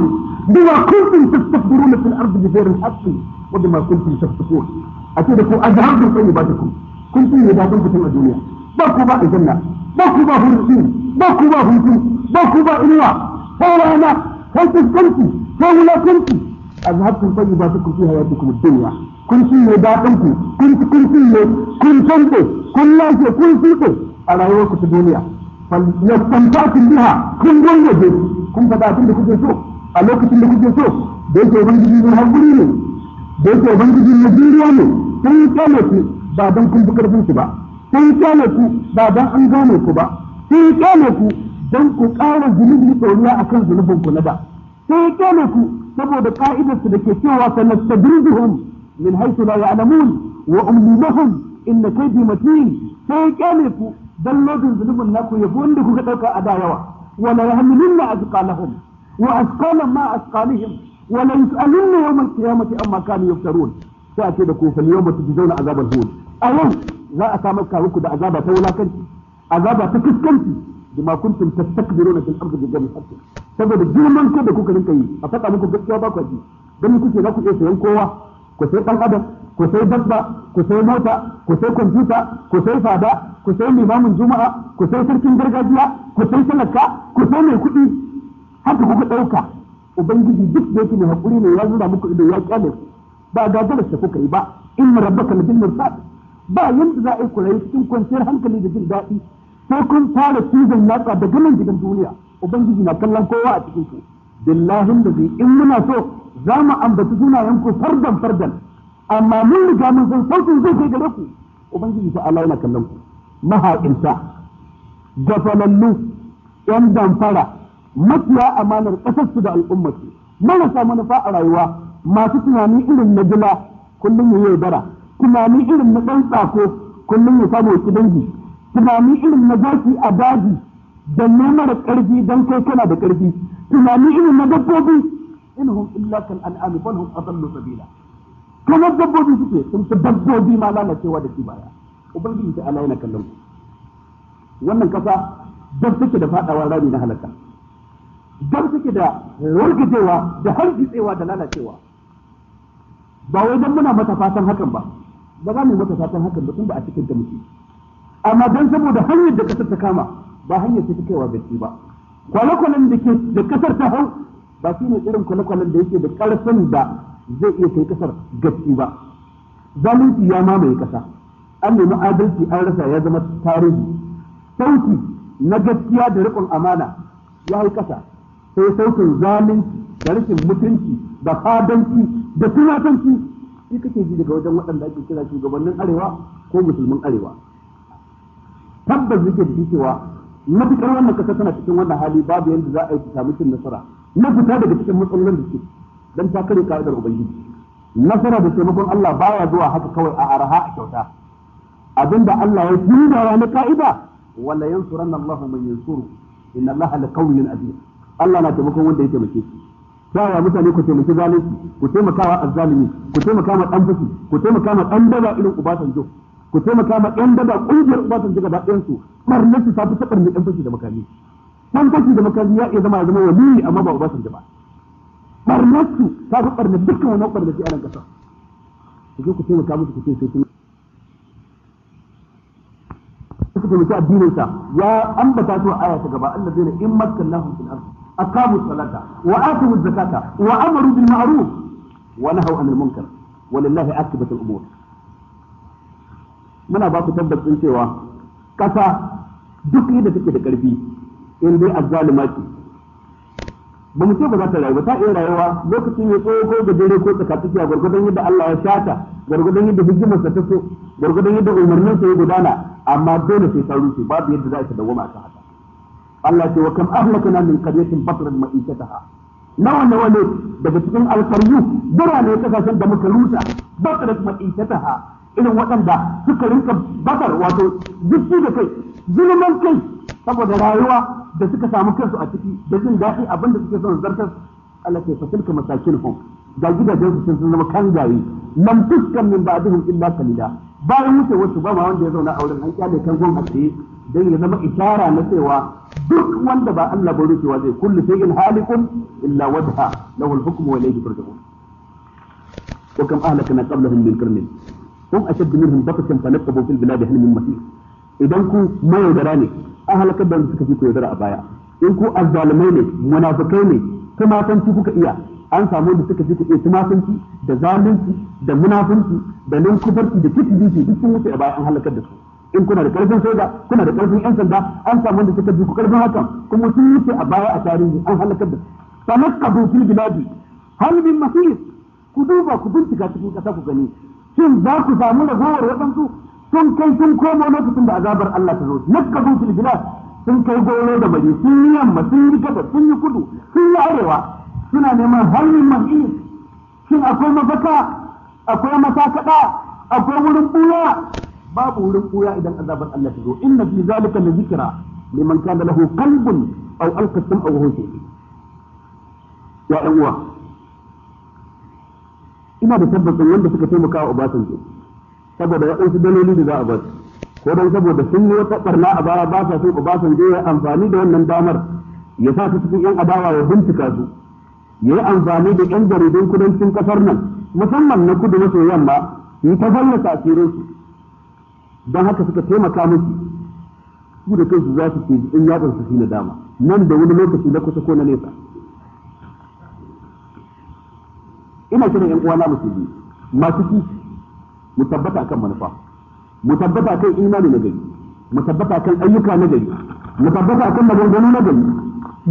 بما كنتم تستكبرون في الارض بغير الحق وبما كنتم تفسقون اكيدكم اذهبتم طيباتكم كنتم اذا كنتم الدنيا باكو باء الجنه باء با فرسين باء الله فرسين انا هل انواع فورانا لا فولاكنتي اذهبتم طيباتكم في حياتكم الدنيا كنتم يباتونكم كنت كنت كنت كنت كنت كنت كنت كنت كنت كنت كنتم falyastantaqu biha kun gwangwaje kun faɗa abin da kuke so a lokacin da kuke so da yake ubangiji ne hankuri ne da yake ubangiji ne juriya ne sun yi kyale ku ba dan kun fi karfin su ba kun kyale ku ba dan an gane ku ba sun yi kyale ku don ku ƙara zunubi ɗoriya akan zunubin ku na ba, sun yi kyale ku saboda ka'idarsu da ke cewa sanastadrijuhum min haythu la ya'lamun wa umli lahum inna kaydi matin yi kyale ku dan lodin zunubin naku ya fi wanda kuka ɗauka a da yawa wala yahmilunna azqalahum wa azqalan ma azqalihim la yus'alunna yawm al-qiyamati amma kanu yaftarun sai ake da ku yawm yawma tujzauna azabal hud a yau za a samu kawuku da azaba ta wulakanci azaba ta kiskanci da ma kuntum tastakbiruna fil ardi bighayri haqqin saboda girman ko da kuka rinka yi a faɗa muku gaskiya ba ku ji dan kuke za ku iya sayan kowa ku sai dan adam ku sai dabba ku sai mota ku sai kwamfuta ku sai fada ku sai limamin juma'a ku sai sarkin gargajiya ku sai talaka ku sai mai kuɗi haka kuka ɗauka ubangiji duk da yake mai haƙuri ne ya zura muku ido ya kyale ba gagarar ta kuka yi ba in rabbaka labil mursal ba yanda za a yi ku rayu cikin kwanciyar hankali da jin daɗi sai kun fara cizon yatsa da nan gidan duniya ubangiji na kallon kowa a cikin ku billahin da in muna so za mu ambaci sunayen ku fardan fardan amma mun riga mun san sautin zai kai gare ku ubangiji ta Allah yana kallon ku mahaƙinta gafalallu yan damfara makiya amanar ƙasarsu da al'ummarsu marasa manufa a rayuwa masu tunani irin na jila kullum ya yi bara tunani irin na ɗan tsako kullum ya samu wasu dangi tunani irin na zafi a daji da mara ƙarfi don kai kana da ƙarfi tunani irin na dabbobi inhum illa kal an'ami bal hum adallu sabila kamar dabbobi suke sun fi dabbobi ma lalacewa da shi baya ubangiji ta ala yana kallon ku wannan kasa dab take da fadawa rami na halaka dab take da wargajewa da tsewa da lalacewa ba wai dan muna mata fatan hakan ba ba za mu mata fatan hakan ba tun ba a cikin ta muke amma dan saboda hanyar da kasar ta kama ba hanyar ta kaiwa gaci ba kwale-kwalen da kasar ta hau ba shi ne irin kwale-kwalen da yake da karfin da zai iya kai kasar gaske ba zalunci ya mamaye kasa an nemi adalci an rasa ya zama tarihi Sauki na gaskiya da rikon amana ya yi kasa sai sautin zalunci da rashin mutunci da fadanci da tunatanci shi kake ji daga wajen waɗanda ake kira shugabannin arewa ko musulmin arewa tabbas yake da cewa matukar wannan kasa tana cikin wannan hali babu yadda za a yi ta samu cin nasara na fita daga cikin matsalolin da suke dan ta kare ka'idar ubangiji nasara da taimakon Allah baya zuwa haka kawai a araha a kyauta abinda Allah ya tuna wa na ka'ida wala yansuranna Allahu man yansuru inna Allaha laqawiyyun aziz Allah na taimakon wanda ya taimake shi sawa mutane ku taimaki zalunci ku taimakawa azzalimi ku taimaka ma dan fashi ku taimaka ma dan daba irin ubasanjo ku taimaka ma dan daba kungiyar ubasanjo gaba ɗayan su barnatu ta fi ta mai dan fashi da makami dan fashi da makami ya iya zama ya zama waliyi amma ba ubasanjo ba barnarsu ta fi barnar dukkan wani barnar ke anan ƙasa ku zo ku taimaka musu ku ce sai kun suka taimaki addinin sa ya ambata su aya ta gaba allazina in makkannahum fil ardh aqamu salata wa atu zakata wa amaru bil ma'ruf wa nahaw anil munkar walillahi akibatul umur muna ba ku tabbacin cewa ƙasa duk yadda take da ƙarfi in dai azzalima ce ba mu ce ba za ta rayu ba ta iya rayuwa lokacin ya tsoho ko gajere ko tsakatsaki a gwargwadon yadda Allah ya shata gwargwadon yadda hikimarsa ta so gwargwadon yadda umarnin ta ya gudana amma dole sai ta rushe babu yadda za a ta dawoma ta haka Allah ce wa kam ahlakana min qaryatin batrat ma'ishataha nawa nawa ne daga cikin alfaryu birane kasashen da muka rusa batrat ha? irin waɗanda suka rinka batar wato jiki da kai zulman kai saboda rayuwa da suka samu kansu a ciki da jin daɗi abinda suke son zartar Allah ke fasilka masakin hum ga gidajen su sun zama kan gari lam fuskan min ba'dihim illa kalila bayan wuce wasu ba ma wanda ya zauna a wurin an kyale kan gon haske dan ya zama ishara na cewa duk wanda ba Allah ba rufewa zai kullu shay'in halikum illa wadha lahu al-hukm wa ilayhi turja'un wa kam ahlakna qablahum min qarnin hum ashaddu minhum baqatan fanaqabu fil biladi hal min masih idan ku mayaudara ne a halakar da suka fi ku a baya in ku azzalumai ne munafikai ne tumatanci kuka iya an samu da suka fi ku tumatanci da zalunci da munafunci da ninkufarci da kitibiki duk sun wuce a baya an halakar da su in kuna da karfin soja kuna da karfin yan sanda an samu da suka ku karfin hakan kuma sun wuce a baya a tarihi an halakar da su. tanakkabu fil biladi halibin masu masir ku duba ku bincika cikin ƙasa ku gani shin za ku samu ragowar waɗansu sun kai sun komo lokacin da azabar Allah ta zo nakkabu fil bilad sun kai goro da bari sun yi yamma sun yi gaba sun yi kudu sun yi arewa suna neman halin mahi shin akwai mafaka akwai masakada akwai wurin buya babu wurin buya idan azabar Allah ta zo inna fi zalika la zikra liman kana lahu qalbun aw alqa sam'a wa huwa ya uwa ina da tabbacin wanda suka taimaka wa Obasanjo saboda ya ɗansu daloli da za a bar ko don saboda sun yi wata ɓarna a baya ba sa son Obasanjo ya amfani da wannan damar ya sa su cikin yan adawa ya bincika su ya yi amfani da yan jaridun kudancin ƙasar nan musamman na kudu maso yamma yi ta fallasa asirin su don haka suka taimaka musu su da kansu za su ce in yatsan su na dama nan da wani lokaci na kusa ko na nesa ina kiran yan uwana musulmi masu kishi mu tabbata akan manufa mu tabbata akan imani na gari mu tabbata akan ayyuka na gari mu tabbata akan maganganu na gari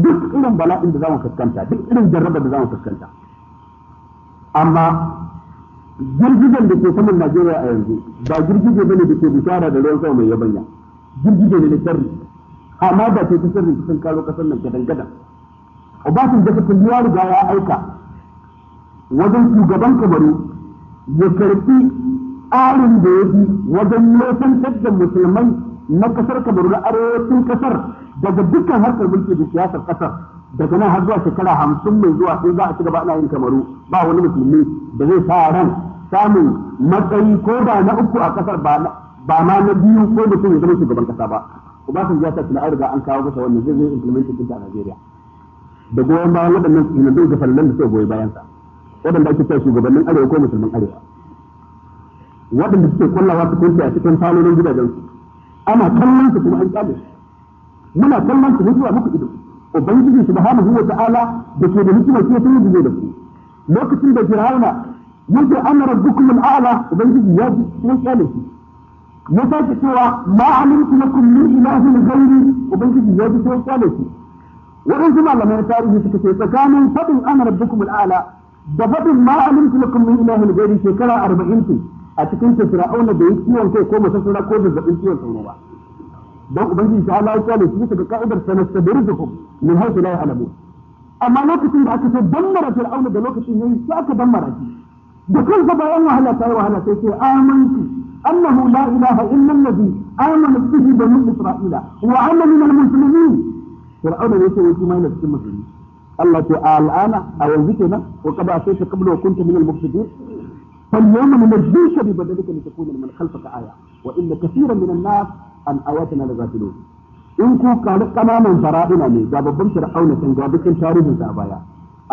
duk irin bala'in da za mu fuskanta duk irin jarrabar da za mu fuskanta amma girgijen da ke saman Najeriya a yanzu ba girgije bane da ke bishara da ruwan sama mai yabanya girgije ne na sirri amma ba ce ta sirri sun karo kasar nan gadan gadan Obasan da suka ya riga ya aika wajen shugaban kamaru ya karfi tsarin da ya bi wajen nesantar da musulmai na kasar kamaru na arewacin kasar daga dukkan harkar mulki da siyasar kasar daga nan har zuwa shekara hamsin mai zuwa sai za a ci gaba ana yin kamaru ba wani musulmi da zai sa ran samun matsayi ko da na uku a kasar ba ma na biyu ko mutum ya zama shugaban kasa ba ko ba Obasanjo ya sa tunai riga an kawo masa wannan zai zai implementin ɗinta a Najeriya da goyon bayan waɗannan sunan da fallan da suka goyi bayansa waɗanda ake cewa shugabannin arewa ko musulman arewa waɗanda suke kullawa su kunce a cikin falolin gidajensu ana kallon su kuma an kyale su muna kallon su mutuwa muku ido ubangiji subhanahu wa ta'ala da ke da hikima ke sun yi da ku lokacin da fir'auna yake ana rabbukum al'ala ubangiji ya ji sun kyale su ya sake cewa ma alimtu lakum min ilahin ghairi ubangiji ya ji sun kyale su waɗansu malamai tarihi suka ce tsakanin faɗin ana rabbukum al'ala da faɗin ma alimtu lakum min ilahin ghairi shekara arba'in ce a cikin ta fir'auna da yi ciwon kai ko masassara ko zazzabin ciwon sauro ba don ubangiji ta Allah ya kyale su bisa ga ka'idar sanastadrijukum min haythu la ya'lamun amma lokacin da aka ce dammara fir'auna da lokacin yayi sai aka dammara shi da kansa bayan wahala ta yi wahala sai ce amantu annahu la ilaha illa allazi amana bihi banu isra'ila wa ana min al-muslimin fir'auna ne sai yake mai cikin musulmi Allah ce al'ana a yanzu kenan wa qad asayta qabla wa kunta min al-mufsidin فاليوم ننجيك ببدنك لتكون من خلفك آية وإن كثيرا من الناس عن آياتنا لغافلون in ku karu ƙananan fara'ina ne ga babban fir'auna can ga dukkan tarihin sa a baya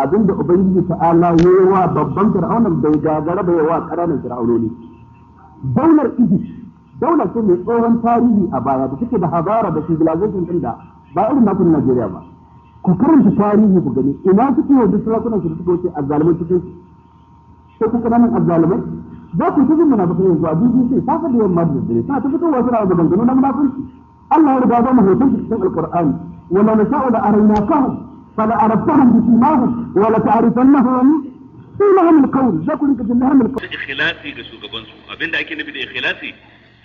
abinda ubangiji ta'ala yawa babban fir'aunan bai gagara bai yawa ƙananan fir'aunoni daular idis daular ce mai tsohon tarihi a baya da take da habara da civilization din da ba irin naku Najeriya ba ku karanta tarihi ku gani ina suke wa sarakunan su da suka wuce a sai kuka nan azzalimai za ku tuzin munafikai zuwa BBC ta faɗi wannan da dare ta ta fitowa suna da dangano na munafiki Allah ya riga ba mu hoton shi cikin alqur'ani wala nasha'u la araynakahum fala arabtahum bi simahum wala ta'rifannahum ilahum alqawl za ku rinka jin lahum alqawl ikhlasi ga shugabansu abinda ake nufi da ikhlasi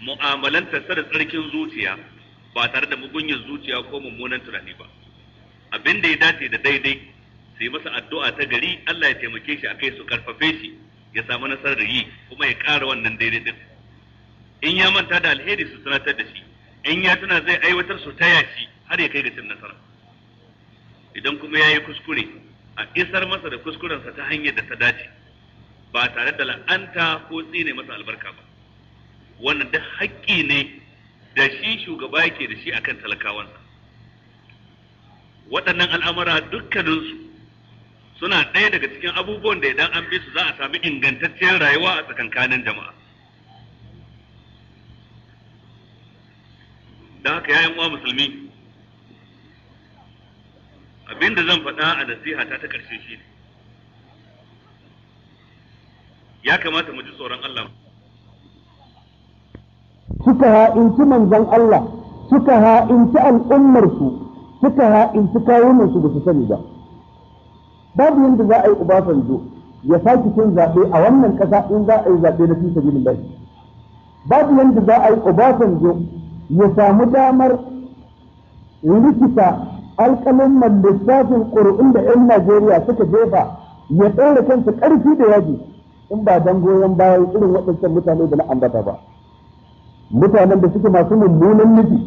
mu'amalanta sa da tsarkin zuciya ba tare da mugunyar zuciya ko mummunan tunani ba abin da ya dace da daidai su yi masa addu'a ta gari Allah ya taimake shi a kai su karfafe shi ya samu nasarar yi kuma ya ƙara wannan daidai din in ya manta da alheri su tunatar da shi in ya tuna zai aiwatar su ta yashi har ya kai ga cin nasara idan kuma ya yi kuskure a isar masa da kuskurensa ta hanyar da ta dace ba tare da la'anta ko tsine masa albarka ba wannan da haƙƙi ne da shi shugaba yake da shi akan talakawansa waɗannan al'amura dukkaninsu suna ɗaya daga cikin abubuwan da idan an bi su za a sami ingantacciyar rayuwa a tsakankanin jama'a da haka yayin uwa musulmi abinda zan faɗa a nasiha ta ta ƙarshe shi ne ya kamata mu ji tsoron Allah suka ha'inci manzon Allah suka ha'inci al'ummarsu suka ha'inci kawunansu da su sani ba babu yadda za a yi Obasanjo ya sake cin zaɓe a wannan ƙasa in za a yi zaɓe na fisa bilin bai babu yadda za a yi Obasanjo ya samu damar rikita alƙalin lissafin ƙuri'un da 'yan Najeriya suka jefa ya ɗaura kansa ƙarfi da yaji in ba don goyon bayan irin waɗancan mutane da na ambata ba mutanen da suke masu mummunan miji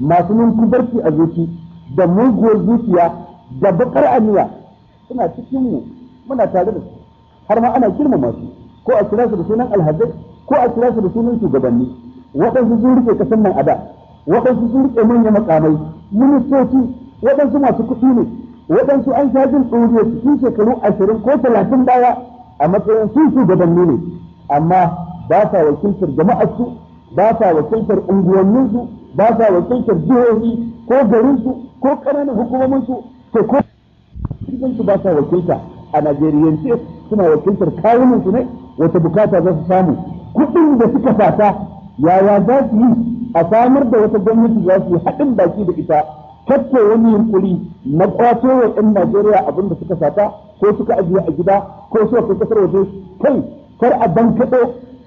masu ninkubarci a zuci da muguwar zuciya da baƙar aniya suna cikin mu muna tare da su har ma ana girmama su ko a kira su da sunan alhazai ko a kira su da sunan shugabanni waɗansu sun rike kasan nan a waɗansu sun rike manyan makamai ministoci waɗansu masu kuɗi ne waɗansu an sha jin ɗoriya cikin shekaru ashirin ko talatin baya a matsayin su shugabanni ne amma ba sa wakiltar jama'ar su ba sa wakiltar unguwanninsu ba sa wakiltar jihohi ko garinsu ko ƙananan hukumominsu to ko cikin su ba sa wakilta a najeriyance suna wakiltar kawunan su ne wata bukata za su samu kuɗin da suka fata yaya za su yi a samar da wata gwamnati za su yi haɗin baki da ita kacce wani yunkuri na kwato wa ɗan Najeriya abin da suka sata ko suka ajiye a gida ko suka kai kasar waje kai kar a bankaɗo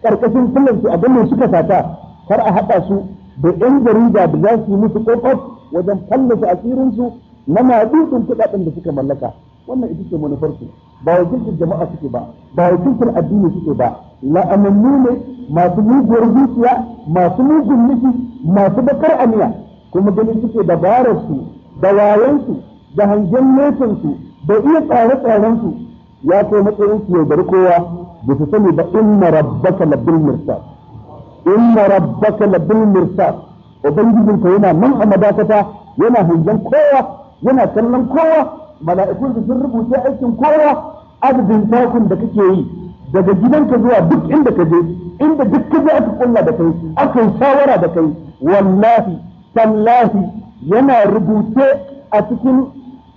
ƙarƙashin su abin da suka sata kar a haɗa su da ƴan jarida da za su yi musu ƙoƙof wajen fallasa asirinsu na madudin kuɗaɗen da suka mallaka wannan ita ce manufarsu ba wakiltar jama'a suke ba ba wakiltar addini suke ba la'amannu ne masu muguwar zuciya masu mugun nufi masu bakar aniya kuma gani suke da barasu da wayansu da hangen nesansu da iya tsare-tsarensu ya kai matsayin su yaudar kowa ba su sani ba inna rabbaka labil mirsad inna rabbaka labil mirsad ubangijinka yana nan a madakata yana hangen kowa yana kallon kowa mala'ikun da sun rubuta aikin kowa adadin takun da kake yi daga gidanka zuwa duk inda ka je inda duk ka je aka kulla da kai aka yi shawara da kai wallahi tallahi yana rubuce a cikin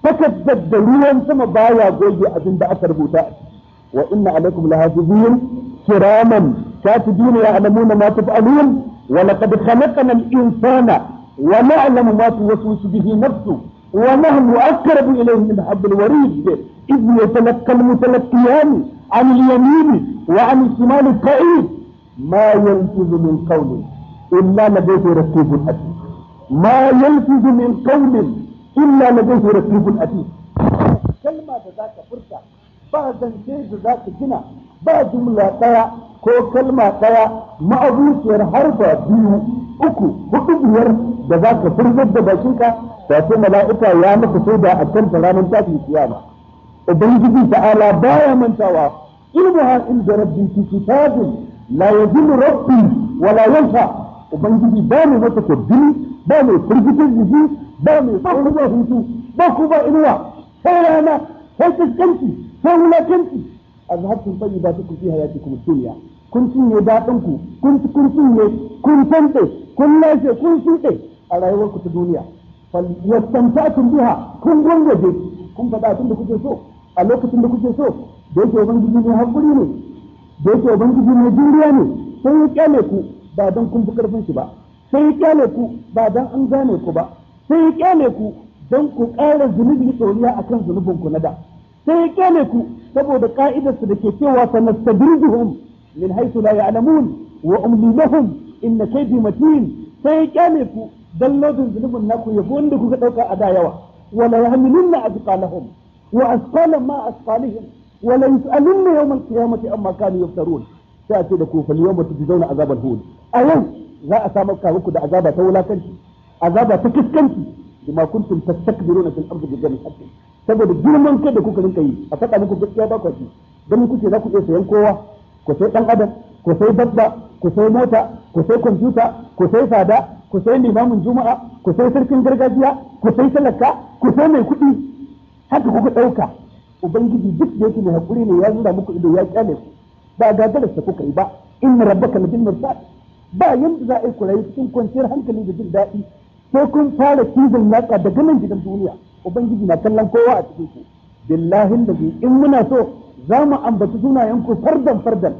takaddar da ruwan sama baya goge abin da aka rubuta wa inna alaikum lahadibin kiraman katibin alamuna ma taf'alun wa laqad khalaqna al-insana wa na'lamu ma tuwaswisu bihi nafsuhu ونحن أقرب إليه من حب الوريد إذ يتلقى المتلقيان عن اليمين وعن الشمال قعيد ما يلفظ من قول إلا لديه رقيب أتيد ما يلفظ من قول إلا لديه رقيب أتيد كلمة ذاك فرصة بعد أن ذاك جنا ba jumla ɗaya ko kalma ɗaya ma'abuciyar harfa biyu uku hudu biyar da za ka furzar da bakinka ta ce mala'ika ya maka soja a kan ranar tashin kiyama ubangiji ta'ala baya mantawa ilmuha inda rabbi fi kitabin la mu rabbi wa la ubangiji ba mai mata tabbini ba mai firgitar jiki ba mai ba ba hutu ba ku ba inuwa sai rana sai kaskanci sai wulakanci azhabtum tayyibatukum fi hayatikum dunya kun cinye daɗin ku kun kun cinye kun tante kun lafiya kun shuɗe a rayuwarku ta duniya fal yastanta'tum biha kun gongoje kun faɗa tun da kuke so a lokacin da kuke so da yake ubangiji ne hakuri ne da yake ubangiji ne juriya ne sai ya kyale ku ba dan kun fi karfin shi ba sai ya kyale ku ba dan an gane ku ba sai ya kyale ku don ku ƙara zunubi ɗoriya akan zunubin ku na da sai ya kyale ku saboda ka'idarsu da ke cewa ta nastadrijuhum min haythu la ya'lamun wa umli lahum inna kaydi matin sai ya kyale ku dallodin lodin zulubin naku yabo wanda kuka dauka a da yawa wala yahmilunna azqalahum wa asqalan ma asqalihim wa la yus'alunna yawm al-qiyamati amma kanu yaftarun sai a ce da ku fa yawm tujzauna azabal hun a yau za a samu ka muku da azaba ta wulakanci azaba ta kiskanci bima kuntum tastakbiruna fil ardi bi ghairi haqqin saboda girman kai da kuka rinka yi a faɗa muku gaskiya ba kwaci ganin kuke za ku iya sayan kowa ku sai ɗan adam ku sai dabba ku sai mota ku sai kwamfuta ku sai sada ku sai limamin juma'a ku sai sarkin gargajiya ku sai talaka ku sai mai kuɗi haka kuka ɗauka ubangiji duk da yake mai hakuri ne ya zura muku ido ya kyale ku ba gagarar sa kuka yi ba in rabbaka na bin ba yanda za a yi ku rayu cikin kwanciyar hankali da jin daɗi sai kun fara cizon yatsa da nan gidan duniya ubangiji na kallon kowa a cikin ku billahi da in muna so za mu ambaci sunayen ku fardan fardan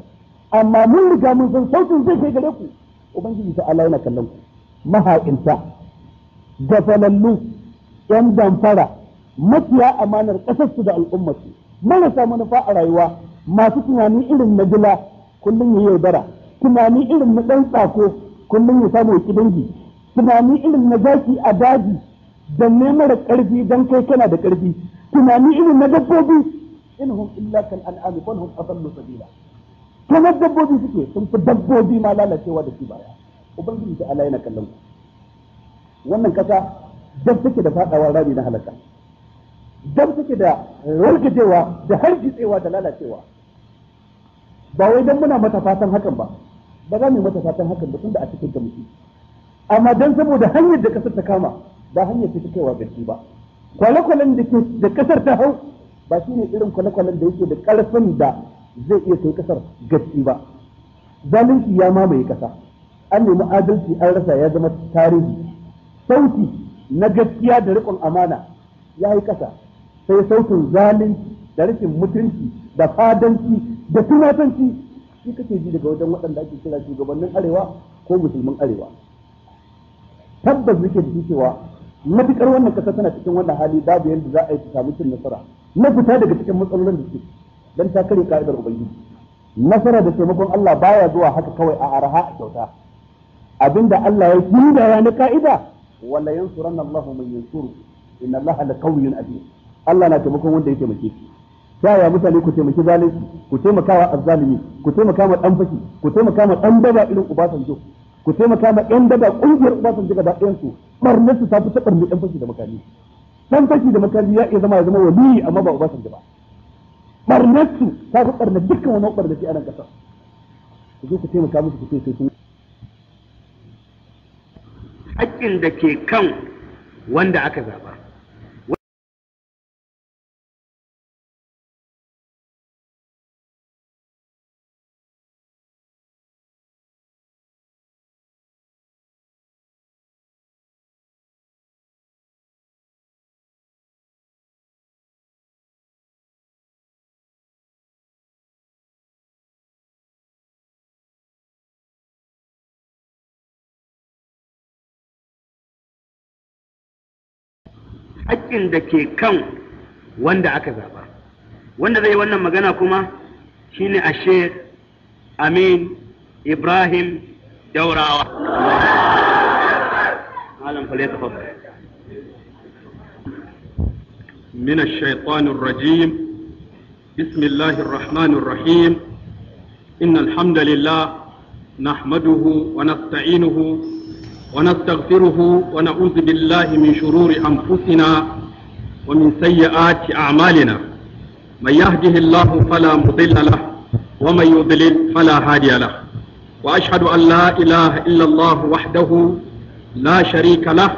amma mun riga mun san sautin zai kai gare ku ubangiji ta yana kallon ku mahaƙinta gafalallu yan damfara makiya amanar ƙasarsu da al'ummarsu marasa manufa a rayuwa masu tunani irin na gila kullum ya yaudara tunani irin na ɗan tsako kullum ya samu ya tunani irin na zaki a daji da ne mara karfi don kai kana da karfi tunani irin na dabbobi inhum illa kal an'am bal hum adallu sabila kamar dabbobi suke sun fi dabbobi ma lalacewa da su baya ubangiji ta Allah yana kallon ku wannan kasa dab take da fadawa rami na halaka dab take da warkacewa da hargitsewa da lalacewa ba wai dan muna mata fatan hakan ba ba za mu mata fatan hakan ba tunda a cikin ta muke. amma dan saboda hanyar da kasar ta kama ba hanyar ta kaiwa gaske ba kwale-kwalen da ke kasar ta hau ba shi ne irin kwale-kwalen da yake da ƙarfin da zai iya kai kasar gaske ba zalunci ya mamaye kasa an nemi adalci an rasa ya zama tarihi sauti na gaskiya da riƙon amana ya yi kasa sai sautin zalunci da rashin mutunci da fadanci da tunatanci shi kake ji daga wajen waɗanda ake kira shugabannin arewa ko musulmin arewa tabbas nake da cewa matukar wannan kasa tana cikin wannan hali babu yadda za a yi ta samu cin nasara na fita daga cikin matsalolin da suke dan ta kare ka'idar ubangiji nasara da taimakon Allah baya zuwa haka kawai a araha a kyauta abinda Allah ya kinda ya na ka'ida wala yansuranna Allah man yansuru inna Allah la qawiyyun aziz Allah na taimakon wanda ya taimake shi yaya mutane ku taimaki zalunci ku taimakawa azzalimi ku taimaka ma dan fashi ku taimaka ma dan baba irin jo? ku taimaka ma yan daga kungiyar Obasanjo gaba ɗayan su barnar su ta fi ta barnar ɗan fashi da makami Ɗan fashi da makami ya iya zama ya zama waliyi amma ba Obasanjo ba barnar su ta fi barnar dukkan wani barnar a nan ƙasar ku zo ku taimaka musu ku sai sun haƙƙin da ke kan wanda aka zaɓa. haƙƙin da ke kan wanda aka zaɓa wanda zai wannan magana kuma shine ashe amin ibrahim daurawa malam fale من الشيطان الرجيم بسم الله الرحمن الرحيم إن الحمد لله نحمده ونستعينه ونستغفره ونعوذ بالله من شرور أنفسنا ومن سيئات أعمالنا من يهده الله فلا مضل له ومن يضلل فلا هادي له وأشهد أن لا إله إلا الله وحده لا شريك له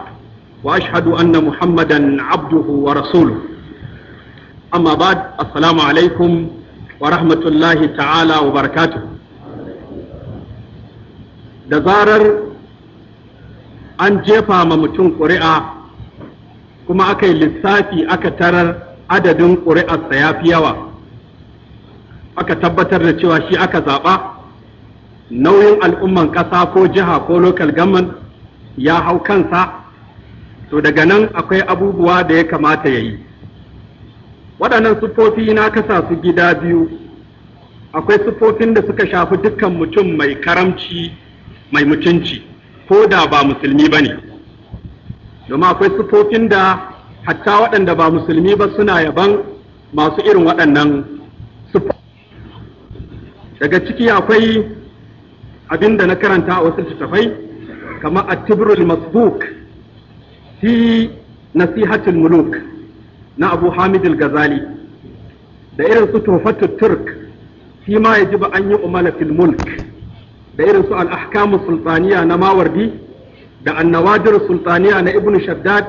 وأشهد أن محمدا عبده ورسوله أما بعد السلام عليكم ورحمة الله تعالى وبركاته da zarar an jefa ma mutum ƙuri'a kuma aka yi lissafi aka tarar adadin ƙuri'arsa ya fi yawa aka tabbatar da cewa shi aka zaɓa nauyin al'umman ƙasa ko jiha ko lokal government ya hau kansa to daga nan akwai abubuwa da ya kamata ya yi waɗannan siffofi na kasa su gida biyu akwai siffofin da suka shafi dukkan mutum mai karamci mai mutunci ko da ba musulmi ba ne domin akwai sufofin da hatta waɗanda ba musulmi ba suna yaban masu irin waɗannan sufa daga ciki akwai abin da na karanta a wasu littattafai kamar atibrul masbuk fi nasihatul muluk na abu hamid gazali da irin su tufatul turk fi ma yajibu an yi umala fil mulk da irin su al-ahkamu sultaniya na mawardi da annawadir sultaniya na ibn shaddad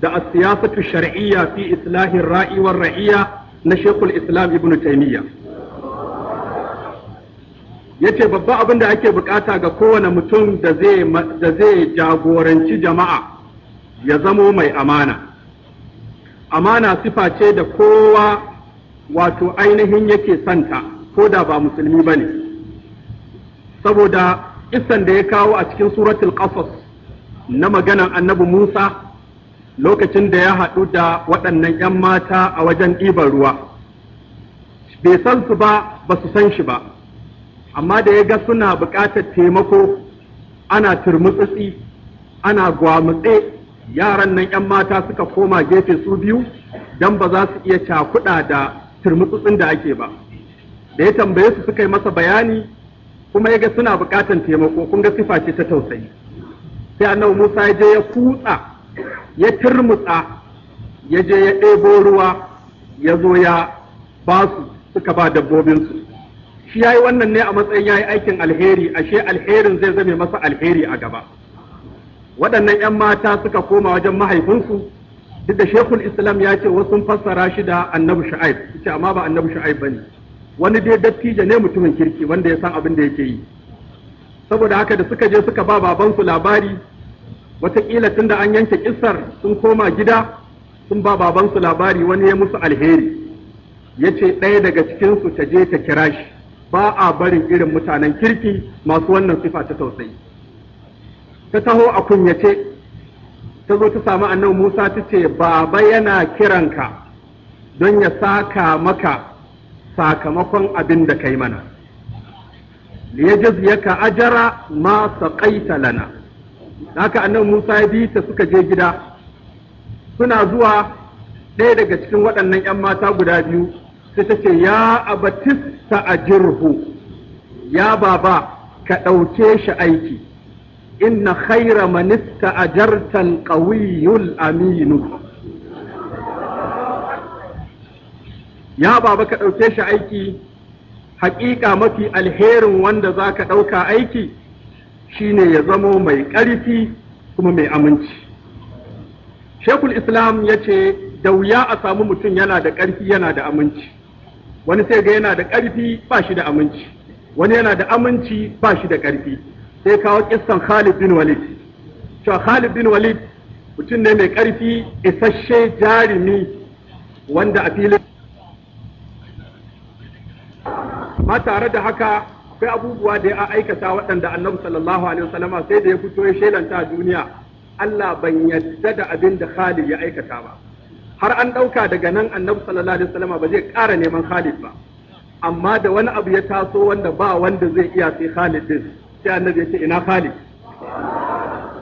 da asiyasatu shar'iyya fi islahin ra'i war ra'iya na shekul islam ibn taimiyya yace babba abin da ake bukata ga kowane mutum da zai jagoranci jama'a ya zamo mai amana amana sifa ce da kowa wato ainihin yake santa ko da ba musulmi ba ne saboda isan da ya kawo a cikin suratul qasas na maganan annabi Musa lokacin da ya haɗu da waɗannan ‘yan mata a wajen ɗiban ruwa. Bai san su ba, ba su san shi ba, amma da ya ga suna buƙatar taimako ana turmutsutsi, ana gwamutse yaran nan ‘yan mata suka koma gefe su biyu don ba za su iya cakuɗa da turmutsutsin da ake ba. Da ya tambaye su suka yi masa bayani kuma ya ga suna buƙatar taimako, kun ga sifa ce ta tausayi. sai annabi Musa ya je ya kutsa ya turmutsa ya je ya ɗebo ruwa ya zo ya ba su suka ba dabbobinsu shi ya yi wannan ne a matsayin ya yi aikin alheri ashe alherin zai zame masa alheri a gaba waɗannan 'yan mata suka koma wajen mahaifinsu duk da shekul islam ya ce wasu fassara shi da annabi sha'aib ce amma ba annabi sha'aib ba ne. wani dai dattijo ne mutumin kirki wanda ya san abin da yake yi saboda haka da suka je suka ba babansu labari watakila tun da an yanke kisar sun koma gida sun ba babansu labari wani ya musu alheri ya ce ɗaya daga cikinsu ta je ta kira shi ba a barin irin mutanen kirki masu wannan sifa ta tausayi ta taho a kunyace ta zo ta samu annabi musa ta ce baba yana kiranka don ya saka maka sakamakon abin da kai mana liyajziyaka ajara ma saqaita lana haka annabi Musa ya bi ta suka je gida suna zuwa ɗaya daga cikin waɗannan 'yan mata guda biyu sai ta ce ya abatista ajirhu ya baba ka ɗauke shi aiki inna khaira manista jartan ƙawiyul aminu ya baba ka ɗauke shi aiki haƙiƙa mafi alherin wanda za ka ɗauka aiki shine ya zamo mai ƙarfi kuma mai aminci shekul islam ya ce da wuya a samu mutum yana da ƙarfi yana da aminci wani sai ga yana da ƙarfi ba shi da aminci wani yana da aminci ba shi da ƙarfi sai kawo ƙistan khalid bin walid cewa khalid bin walid mutum ne mai ƙarfi isasshe jarumi wanda a filin amma tare da haka akwai abubuwa da ya aikata waɗanda annabi sallallahu alaihi wasallama sai da ya fito ya shelanta a duniya Allah ban yadda da abin da Khalid ya aikata ba har an ɗauka daga nan annabi sallallahu alaihi wasallama ba zai ƙara neman Khalid ba amma da wani abu ya taso wanda ba wanda zai iya sai Khalid din sai annabi ya ce ina Khalid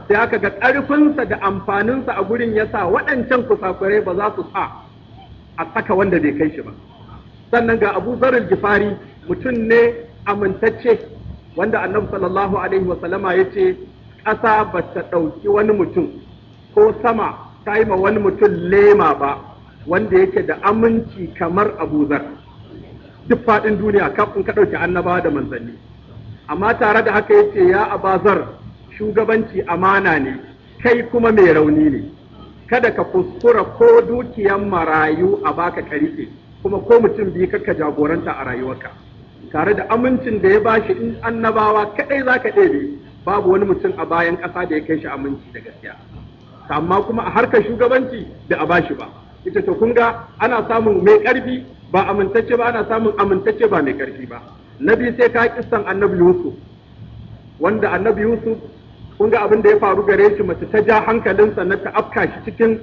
sai aka ga ƙarfinsa da amfaninsa a gurin ya sa waɗancan kusakurai ba za su sa a saka wanda bai kai shi ba sannan ga abu zarar gifari mutum ne amintacce wanda annabi sallallahu alaihi wasallama ya ce ƙasa ba ta ɗauki wani mutum ko sama ta yi ma wani mutum lema ba wanda yake da aminci kamar abuzar duk faɗin duniya kafin ka ɗauki annaba da manzanni amma tare da haka yace ya abazar shugabanci amana ne kai kuma mai rauni ne kada ka kuskura ko dukiyan marayu a baka ka kuma ko mutum biyu kakka jagoranta a rayuwarka tare da amincin da ya bashi in annabawa kadai ka ɗebe babu wani mutum a bayan ƙasa da ya kai shi aminci da gaskiya amma kuma a harkar shugabanci da a bashi ba ita ta kunga ana samun mai ƙarfi ba amintacce ba ana samun amintacce ba mai ƙarfi ba na biyu sai ka kissan annabi yusuf wanda annabi yusuf kunga abin da ya faru gare shi mace ta ja hankalinsa na ta afka shi cikin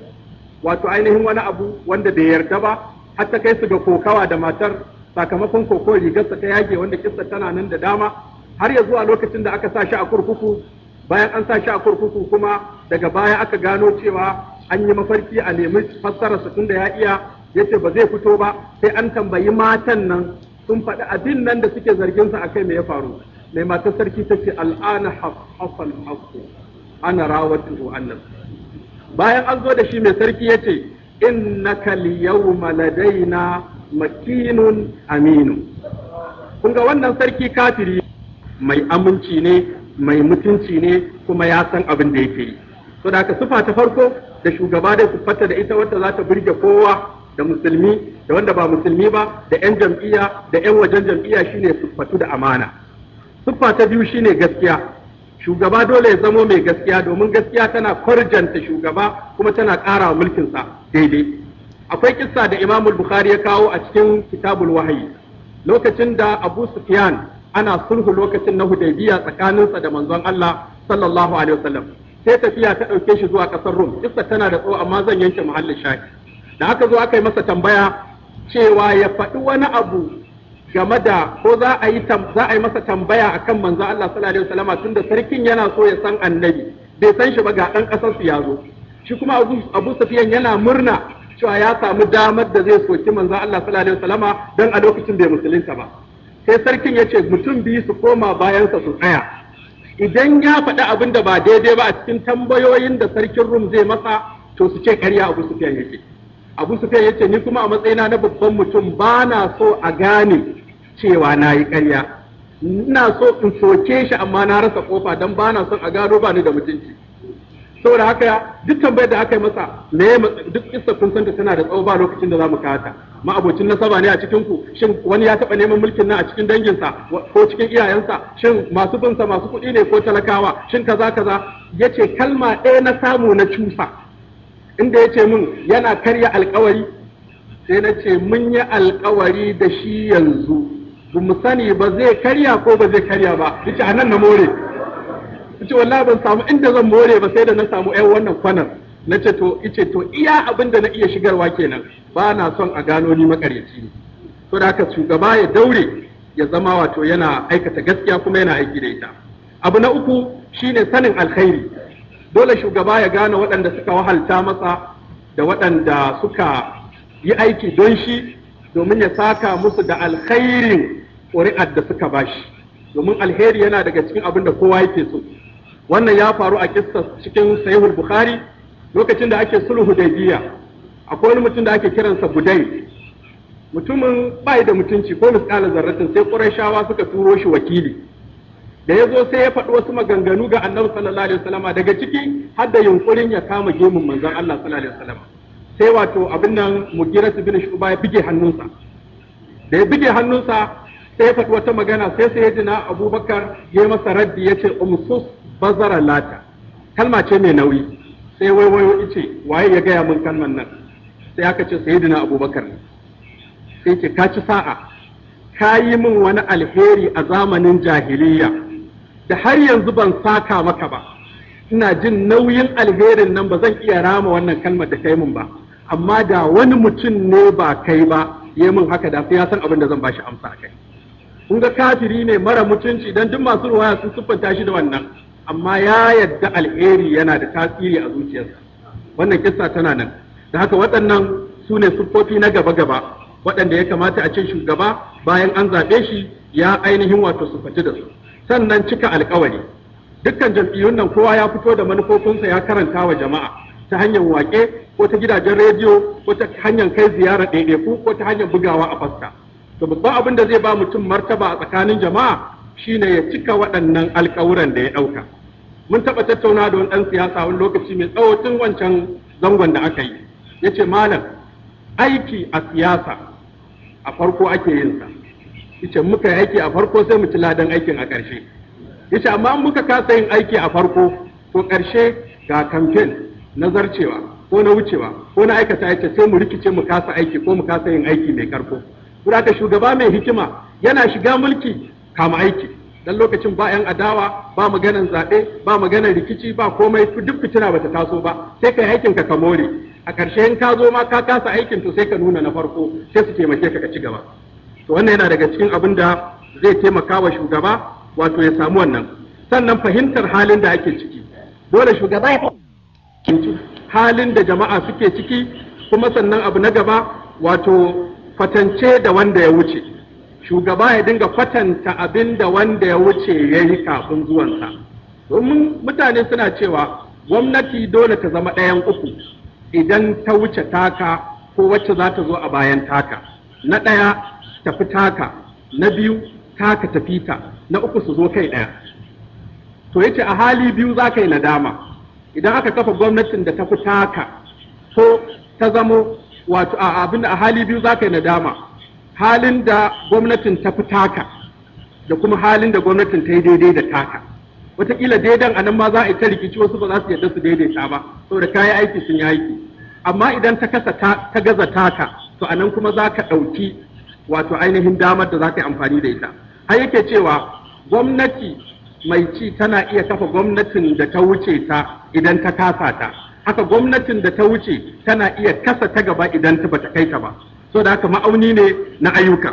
wato ainihin wani abu wanda bai yarda ba har ta kai su ga kokawa da matar sakamakon koko rigarsa ta yage wanda kissa tana nan da dama har ya zuwa lokacin da aka sa shi a kurkuku bayan an sa shi a kurkuku kuma daga baya aka gano cewa an yi mafarki a nemi fassara su tunda ya iya Ya ce ba zai fito ba sai an tambayi matan nan sun faɗi abin nan da suke zargin sa akai me ya faru mai matar sarki ta ce al'ana hafal haqqu ana rawatu annan. bayan an zo da shi mai sarki yace innaka liyawma ladaina makinun aminu kun ga wannan sarki kafiri mai aminci ne mai mutunci ne kuma ya san abin da yake yi to da sufa ta farko da shugaba da sufata da ita wata za ta burge kowa da musulmi da wanda ba musulmi ba da 'yan jam'iyya da 'yan wajen jam'iyya shine siffatu da amana siffa ta biyu shine gaskiya shugaba dole ya zamo mai gaskiya domin gaskiya tana kwarjanta shugaba kuma tana ƙara mulkinsa daidai akwai kissa da Imam Bukhari ya kawo a cikin Kitabul Wahyi lokacin da Abu Sufyan ana sulhu lokacin na Hudaybiya tsakaninsa da manzon Allah sallallahu alaihi wasallam sai tafiya ta dauke shi zuwa kasar Rum kissa tana da tsawo amma zan yanke muhallin shafi da aka zo aka yi masa tambaya cewa ya faɗi wani abu game da ko za a yi za a yi masa tambaya akan manzon Allah sallallahu alaihi wasallam tunda sarkin yana so ya san annabi bai san shi ba ga dan kasar su ya zo shi kuma Abu Sufyan yana murna cewa ya samu damar da zai soki manzon Allah sallallahu alaihi wasallama dan a lokacin bai musulunta ba sai sarkin ya ce mutum biyu su koma bayansa su tsaya idan ya faɗi abin da ba daidai ba a cikin tambayoyin da sarkin rum zai masa to su ce karya abu fiye yake abu fiye yace ni kuma a matsayina na babban mutum ba na so a gane cewa na yi karya ina so in soke shi amma na rasa kofa don ba na son a gano ba ni da mutunci saboda haka ya duk tambayar da aka yi masa me duk kissa kun tana da tsawo ba lokacin da za mu kawata. ma abocin nasaba ne a cikin ku shin wani ya taba neman mulkin nan a cikin danginsa ko cikin iyayensa shin masu binsa masu kuɗi ne ko talakawa shin kaza kaza yace kalma ɗaya na samu na cusa inda yace min yana karya alkawari sai na ce mun yi alkawari da shi yanzu ba mu sani ba zai karya ko ba zai karya ba yace nan na more ce wallahi ban samu inda zan more ba sai da na samu ƴan wannan na nace to ice to iya abin da na iya shigarwa kenan ba na son a gano ni makaryaci ne to da shugaba ya daure ya zama wato yana aikata gaskiya kuma yana aiki da ita abu na uku shine sanin alkhairi dole shugaba ya gane waɗanda suka wahalta masa da waɗanda suka yi aiki don shi domin ya saka musu da alkhairin ƙuri'ar da suka bashi domin alheri yana daga cikin abin da kowa yake so wannan ya faru a kissa cikin sahihul bukhari lokacin da ake sulhu da biya akwai wani mutum da ake kiransa budai mutumin bai da mutunci ko misqala zarratin sai qurayshawa suka turo shi wakili da ya zo sai ya faɗi wasu maganganu ga annabi sallallahu alaihi wasallam daga ciki har da yunkurin ya kama gemun manzon Allah sallallahu alaihi wasallam sai wato abin nan mugira bin shuba bige hannunsa da ya bige hannunsa sai ya faɗi wata magana sai sai ya dina abubakar ya masa raddi ya ce umsus bazara lata kalma ce mai nauyi sai waiwayo ce waye ya gaya min kalman nan sai aka ce sayyidina abubakar ne sai ce ka ci sa'a ka yi min wani alheri a zamanin jahiliya da har yanzu ban saka maka ba ina jin nauyin alherin nan ba zan iya rama wannan kalmar da kai min ba amma da wani mutum ne ba kai ba yi min haka da sai ya san abin da zan bashi amsa a kai kun ga kafiri ne mara mutunci dan duk masu ruwaya sun siffanta shi da wannan amma ya yadda alheri yana da tasiri a zuciyarsa wannan kissa tana nan da haka waɗannan su ne siffofi na gaba-gaba waɗanda ya kamata a ce shugaba bayan an zaɓe shi ya ainihin wato su siffaci da su sannan cika alkawari dukkan jam'iyyun nan kowa ya fito da manufofinsa ya karanta wa jama'a ta hanyar waƙe ko ta gidajen rediyo ko ta hanyar kai ziyara ɗaiɗaiku ko ta hanyar bugawa a fasta to babban abin da zai ba mutum martaba a tsakanin jama'a shine ya cika waɗannan alkawuran da ya ɗauka mun taɓa tattauna da wani ɗan siyasa wani lokaci mai tsawo tun wancan zangon da aka yi ya ce malam aiki a siyasa a farko ake yin sa ce, muka yi aiki a farko sai mu ci ladan aikin a ƙarshe Ya ce, amma muka kasa yin aiki a farko to ƙarshe ga kamfen na zarcewa ko na wucewa ko na aikata ce sai mu rikice mu kasa aiki ko mu kasa yin aiki mai karko saboda shugaba mai hikima yana shiga mulki kama aiki dan lokacin ba yan adawa ba maganan zaɓe ba maganan rikici ba komai duk fitina bata taso ba sai kai aikin ka more a ƙarshe in ka zo ma ka kasa aikin to sai ka nuna na farko sai su taimake ka ka ci gaba to wannan yana daga cikin abin da zai taimaka wa shugaba wato ya samu wannan sannan fahimtar halin da ake ciki dole shugaba ya halin da jama'a suke ciki kuma sannan abu na gaba wato fatance da wanda ya wuce shugaba ya dinga kwatanta abin da wanda ya wuce ya yi kafin zuwansa domin mutane suna cewa gwamnati dole ta zama ɗayan uku idan ta wuce taka ko wacce za ta zo a bayan taka na ɗaya tafi taka na biyu taka tafi ta na uku su zo kai ɗaya to yace a hali biyu za ka yi nadama idan aka kafa gwamnatin da tafi taka ko ta zamo wato a abin a hali biyu za ka yi nadama halin da gwamnatin ta fi taka da kuma halin da gwamnatin ta yi daidai da taka wataƙila daidan a nan ma za a yi ta rikici wasu ba za su yarda su daidaita ba saboda kayan aiki sun yi aiki amma idan ta kasa ta gaza taka to a nan kuma za ka ɗauki wato ainihin damar da za ka yi amfani da ita har yake cewa gwamnati mai ci tana iya kafa gwamnatin da ta wuce ta idan ta kasa ta haka gwamnatin da ta wuce tana iya kasa ta gaba idan ta bata kai ta ba so da haka ma'auni ne na ayyuka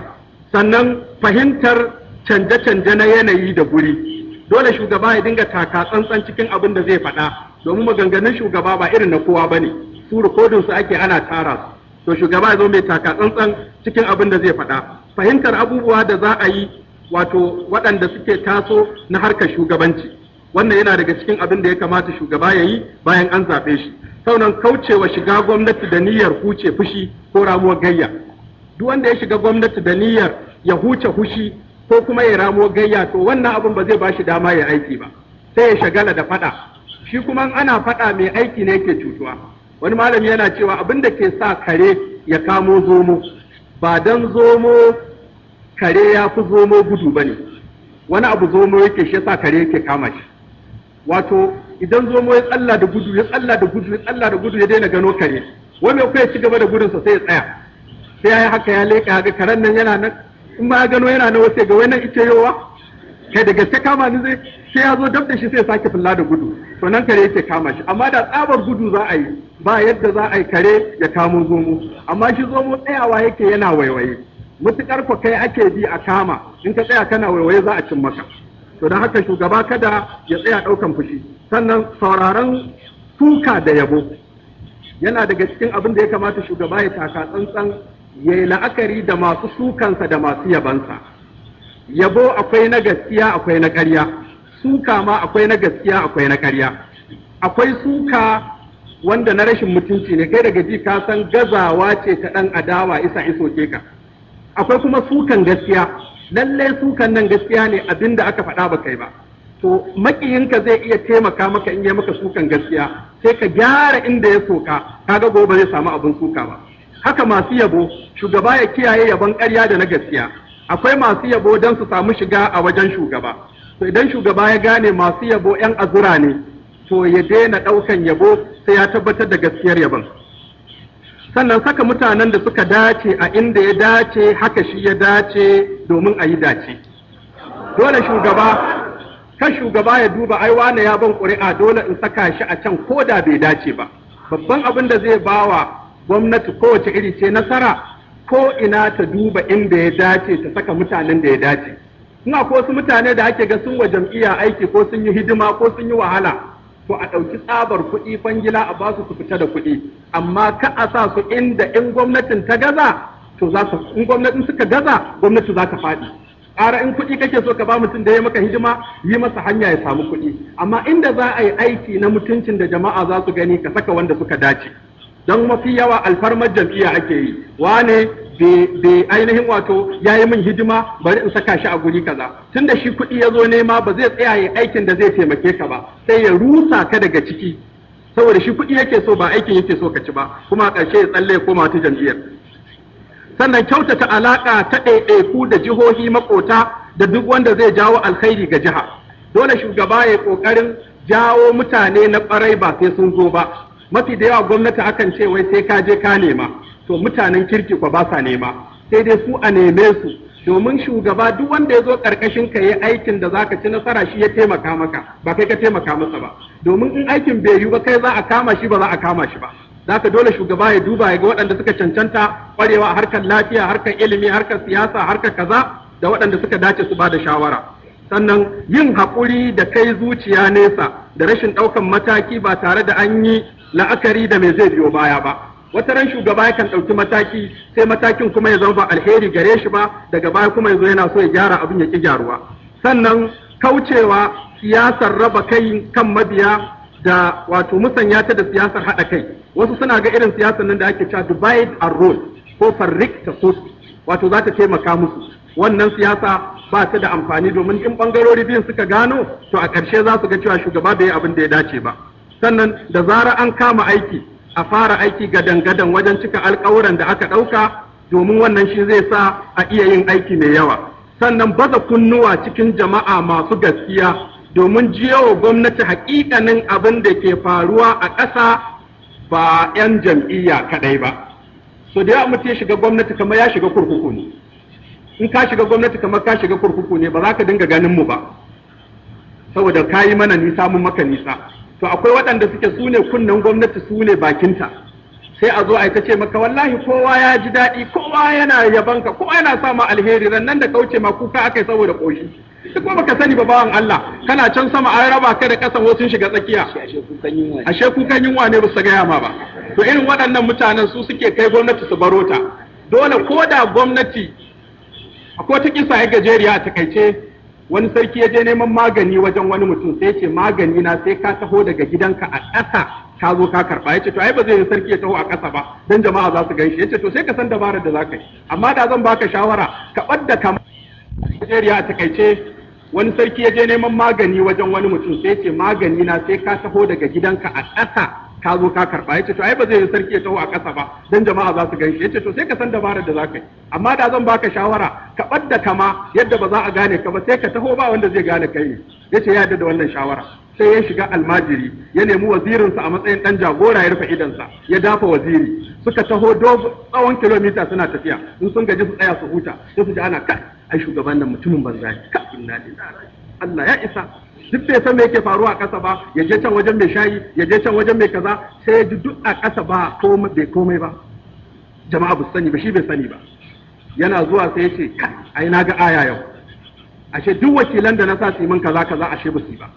sannan fahimtar canje-canje na yanayi da guri dole shugaba ya dinga taka tsantsan cikin abin da zai faɗa domin maganganun shugaba ba irin na kowa ba ne su rikodin su ake ana tara su to shugaba ya zo mai taka tsantsan cikin abin da zai faɗa fahimtar abubuwa da za a yi wato waɗanda suke taso na harkar shugabanci wannan yana daga cikin abin da ya kamata shugaba ya yi bayan an zaɓe shi saunan kaucewa shiga gwamnati da niyyar huce fushi ko ramuwar gayya duk wanda ya shiga gwamnati da niyyar ya huce fushi ko kuma ya ramuwar gayya to wannan abin ba zai ba shi dama ya aiki ba sai ya shagala da faɗa shi kuma ana faɗa mai aiki ne yake cutuwa wani malami yana cewa abin da ke sa kare ya kamo zomo ba dan zomo kare ya fi zomo gudu ba ne wani abu zomo yake shi ya sa kare yake kama shi wato idan zomo ya tsalla da gudu ya tsalla da gudu ya tsalla da gudu ya daina gano kare wani ko ya ci gaba da gudunsa sai ya tsaya sai ya haka ya leka haka karen nan yana nan in ma ya gano yana nan wace ga wannan ita yowa kai da gaske kama ni zai sai ya zo dab da shi sai ya sake fulla da gudu to nan kare yake kama shi amma da tsabar gudu za a yi ba yadda za a yi kare ya kamo zomo amma shi zomo tsayawa yake yana waiwaye mutukar ko kai ake bi a kama in ka tsaya kana waiwaye za a cin maka to don haka shugaba kada ya tsaya ɗaukan fushi sannan sauraron tuka da yabo yana daga cikin abin da ya kamata shugaba ya taka tsantsan ya yi la'akari da masu sukansa da masu yabansa yabo akwai na gaskiya akwai na karya. suka ma akwai na gaskiya akwai na karya. akwai suka wanda na rashin mutunci ne kai daga ji ka san gazawa ce ta ɗan adawa isa iso ke ka akwai kuma sukan gaskiya lallai sukan nan gaskiya ne abin da aka faɗa ba kai ba to makiyinka zai iya taimaka maka in ya maka sukan gaskiya sai ka gyara inda ya soka kaga gobe zai samu abin kuka ba haka masu yabo shugaba ya kiyaye yabon ƙarya da na gaskiya akwai masu yabo don su samu shiga a wajen shugaba to idan shugaba ya gane masu yabo 'yan azura ne to ya daina ɗaukan yabo sai ya tabbatar da gaskiyar yabon. sannan saka mutanen da suka dace a inda ya dace haka shi ya dace domin a yi dace dole shugaba kan shugaba ya duba ai wane ya ban ƙuri'a dole in saka shi a can ko da bai dace ba babban abin da zai bawa gwamnati kowace iri ce nasara ko ina ta duba inda ya dace ta saka mutanen da ya dace ina ko wasu mutane da ake ga sun wa jam'iyya aiki ko sun yi hidima ko sun yi wahala ko a ɗauki tsabar kuɗi fangila a basu su fita da kuɗi amma ka a sa su inda in gwamnatin ta gaza to za su in gwamnatin suka gaza gwamnati za ta faɗi ƙara in kuɗi kake so ka ba mutum da ya maka hidima yi masa hanya ya samu kuɗi amma inda za a yi aiki na mutuncin da jama'a za su gani ka saka wanda suka dace don mafi yawa alfarmar jam'iyya ake yi wane bai ainihin wato ya yi min hidima bari in saka shi a guri kaza tun da shi kuɗi ya zo nema ba zai tsaya ya aikin da zai taimake ka ba sai ya rusa ka daga ciki saboda shi kuɗi yake so ba aikin yake so ka ci ba kuma a ƙarshe ya tsalle koma ta jam'iyyar sannan kyautata alaƙa ta ɗaiɗaiku da jihohi makota da duk wanda zai jawo alkhairi ga jiha dole shugaba ya yi ƙoƙarin jawo mutane na ƙwarai ba sai sun zo ba mafi da yawa gwamnati akan ce wai sai ka je ka nema to mutanen kirki kwa ba sa nema sai dai su a neme su domin shugaba duk wanda ya zo karkashin ka yi aikin da zaka ci nasara shi ya taimaka maka ba kai ka taimaka masa ba domin in aikin bai yi ba kai za a kama shi ba za a kama shi ba zaka dole shugaba ya duba ya ga waɗanda suka cancanta kwarewa a harkar lafiya harkar ilimi harkar siyasa harkar kaza da waɗanda suka dace su ba da shawara sannan yin haƙuri da kai zuciya nesa da rashin ɗaukan mataki ba tare da an yi la'akari da mai zai biyo baya ba wata ran shugaba kan ɗauki mataki sai matakin kuma ya zama ba alheri gare shi ba daga baya kuma yanzu yana so ya gyara abin ya ki gyaruwa sannan kaucewa siyasar raba kai kan mabiya da wato musanya ta da siyasar haɗa kai wasu suna ga irin siyasar nan da ake cewa divide and rule ko farrik ta wato za ta taimaka musu wannan siyasa ba ta da amfani domin in bangarori biyun suka gano to a ƙarshe za su ga cewa shugaba bai abin da ya dace ba sannan da zara an kama aiki a fara aiki gadan-gadan wajen cika alkawuran da aka ɗauka domin wannan shi zai sa a iya yin aiki mai yawa sannan baza kunnuwa cikin jama'a masu gaskiya domin wa gwamnati haƙiƙanin abin da ke faruwa a ƙasa ba 'yan jam'iyya kaɗai ba so da yawa mutum ya shiga gwamnati kamar ya shiga kurkuku ne in ka shiga gwamnati kamar ka shiga kurkuku ne ba za ka dinga ganin mu ba saboda ka yi mana nisa mun maka nisa to akwai waɗanda suke su ne kunnen gwamnati su ne bakinta sai a zo a ta ce maka wallahi kowa ya ji daɗi kowa yana yabanka kowa yana sa ma alheri nan da kauce ma kuka aka yi saboda ƙoshi duk kuma baka sani ba bawan Allah kana can sama an raba ka da kasan wasu shiga tsakiya ashe kukan yunwa ne ba su gaya ma ba to irin waɗannan mutanen su suke kai gwamnati su baro ta dole ko da gwamnati akwai ta kisa ya gajeriya a takaice wani sarki ya je neman magani wajen wani mutum sai ce magani na sai ka taho daga gidanka a ƙasa ka zo ka karɓa ya ce to ai ba zai yi sarki ya taho a ƙasa ba dan jama'a za su ganshi ya ce to sai ka san dabarar da za ka yi amma da zan baka shawara ka ɓadda kama Najeriya a takaice wani sarki ya je neman magani wajen wani mutum sai ce magani na sai ka taho daga gidanka a ƙasa ka zo ka karba yace to ai ba zai yi sarki ya taho a ƙasa ba dan jama'a za su gaishe yace to sai ka san dabarar da za ka yi amma da zan baka shawara ka ɓadda kama yadda ba za a gane ka ba sai ka taho ba wanda zai gane kai yace ya yarda da wannan shawara sai ya shiga almajiri ya nemi wazirinsa a matsayin dan jagora ya rufe idansa ya dafa waziri suka taho tsawon kilomita suna tafiya in sun gaji su tsaya su huta sai su ji ana kai ai shugaban nan mutumin banza kai inna lillahi Allah ya isa duk bai san me yake faruwa a ƙasa ba ya je can wajen mai shayi ya je can wajen mai kaza sai ya ji duk a ƙasa ba bai komai ba jama'a ba sani ba shi bai sani ba yana zuwa sai ya ce ai na ga aya yau ashe duk wakilan da na sa su min kaza kaza ashe ba su ba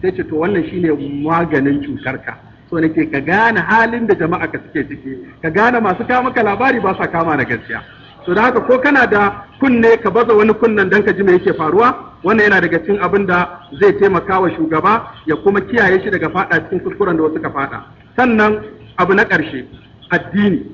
sai ce to wannan shine maganin cutar ka. so nake ka gane halin da jama'a ka suke ciki ka gane masu kama ka labari ba sa kama na gaskiya to da haka ko kana da kunne ka baza wani kunnen dan ka ji me yake faruwa wannan yana daga cikin abin da zai taimaka wa shugaba ya kuma kiyaye shi daga fada cikin kuskuren da wasu ka fada sannan abu na ƙarshe addini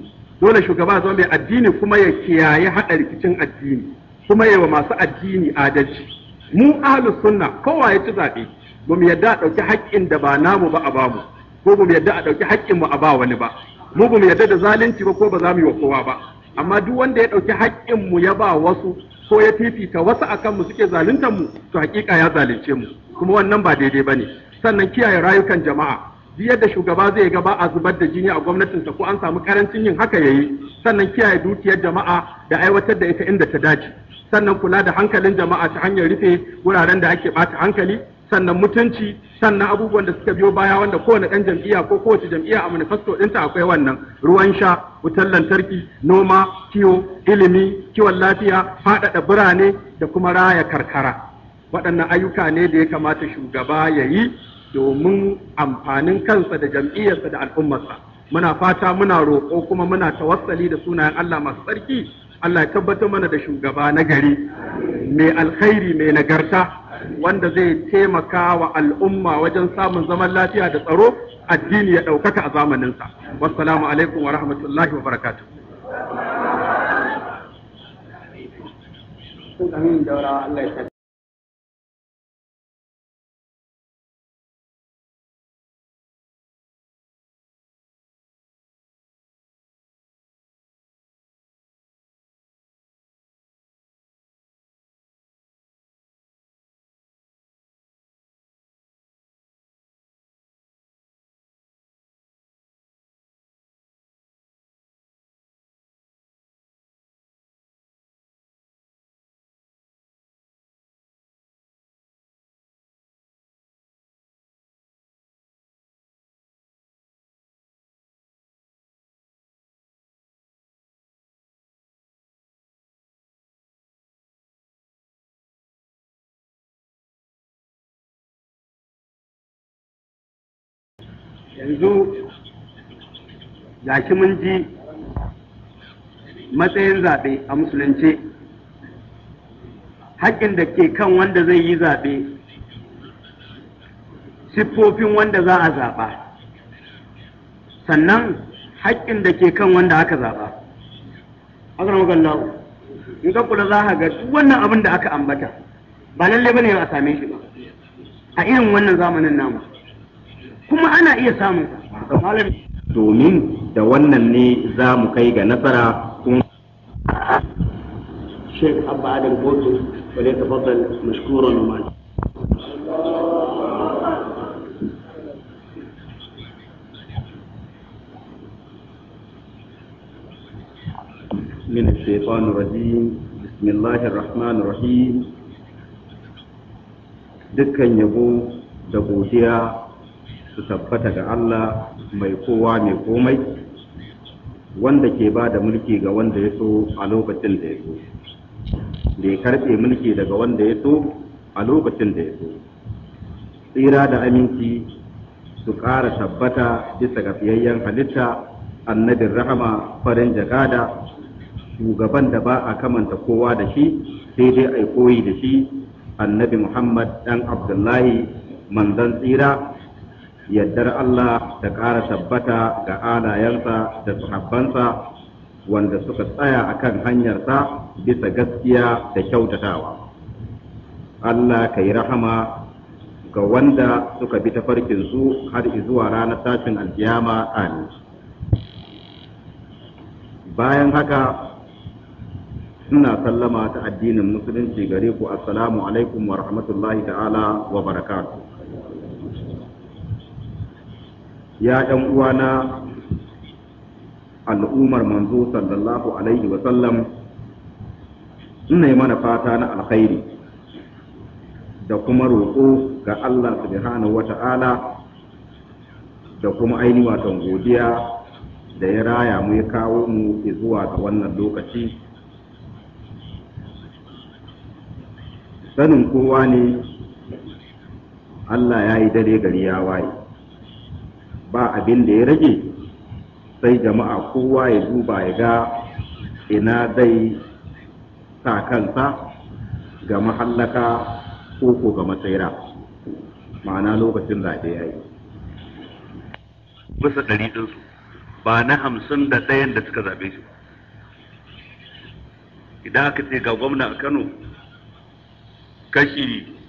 dole shugaba zama mai addini kuma ya kiyaye haɗa rikicin addini kuma ya wa masu addini adalci mu ahalus sunna kowa ya ci zaɓe ba mu yadda a ɗauki haƙƙin da ba namu ba a bamu ko ba mu yadda a ɗauki haƙƙin mu a ba wani ba mu ba mu yadda da zalunci ba ko ba za mu yi wa kowa ba amma duk wanda ya ɗauki haƙƙin mu ya ba wasu ko ya fifita wasu akan mu suke zaluntar mu to hakika ya zalunce mu kuma wannan ba daidai ba ne. sannan kiyaye rayukan jama'a yadda shugaba zai ga ba a zubar da jini a gwamnatinsa ko an samu karancin yin haka yayi sannan kiyaye dukiyar jama'a da aiwatar da ita inda ta dace sannan kula da hankalin jama'a ta hanyar rufe wuraren da ake bata hankali sannan mutunci sannan abubuwan da suka biyo baya wanda kowane ɗan jam'iya ko kowace jam'iya a manifesto ɗinta akwai wannan ruwan sha wutar lantarki noma kiwo ilimi kiwon lafiya faɗaɗa birane da kuma raya karkara waɗannan ayyuka ne da ya kamata shugaba ya yi domin amfanin kansa da jam'iyyarsa da al'ummarsa muna fata muna roƙo kuma muna tawassali da sunayen Allah masu tsarki Allah ya tabbatar mana da shugaba na gari mai alkhairi mai nagarta wanda zai taimaka wa al'umma wajen samun zaman lafiya da tsaro addini ya ɗaukaka a zamaninsa wassalamu alaikum wa rahmatullahi wa barakatu yanzu ga shi mun ji matsayin zaɓe a musulunci haƙƙin da ke kan wanda zai yi zaɓe siffofin wanda za a zaɓa sannan haƙƙin da ke kan wanda aka zaɓa agaramagallahu in ka kula za a ga duk wannan abin da aka ambata ba lallai bane a same shi ba a irin wannan zamanin namu kuma ana iya samun domin da wannan ne za mu kai ga nasara kun Sheikh Abba Adam Goto wale tafaddal mashkuran wa من الشيطان الرجيم بسم الله الرحمن الرحيم دكان يبو da godiya su tabbata ga Allah mai kowa mai komai wanda ke ba da mulki ga wanda ya so a lokacin da ya so da ya karɓe mulki daga wanda ya so a lokacin da ya so tsira da aminci su ƙara tabbata bisa ga fiyayyen halitta annabin rahama farin jakada shugaban da ba a kamanta kowa da shi sai dai a koyi da shi annabi muhammad ɗan abdullahi manzan tsira yaddar Allah da ƙara tabbata ga alayensa da sahabbansa wanda suka tsaya a kan hanyarsa bisa gaskiya da kyautatawa Allah ka yi rahama ga wanda suka bi ta su har zuwa ranar tashin alkiyama amin bayan haka suna sallama ta addinin musulunci gare ku assalamu alaikum wa rahmatullahi ta'ala wa barakatuh ya ɗan uwana al'ummar manzo sallallahu alaihi wa sallam ina yi mana fata na alkhairi da kuma roƙo ga Allah subhanahu wa ta'ala da kuma aini watan godiya da ya raya mu ya kawo mu zuwa ga wannan lokaci sanin kowa ne Allah ya yi dare gari ya waye ba abin da ya rage sai jama'a kowa ya duba ya ga ina zai sa kansa ga mahallaka ko ko ga matsayira ma'ana lokacin zaɓe ya yi bisa ɗari ɗinsu ba na hamsin da ɗayan da suka zaɓe shi idan aka ce ga gwamna a kano kashi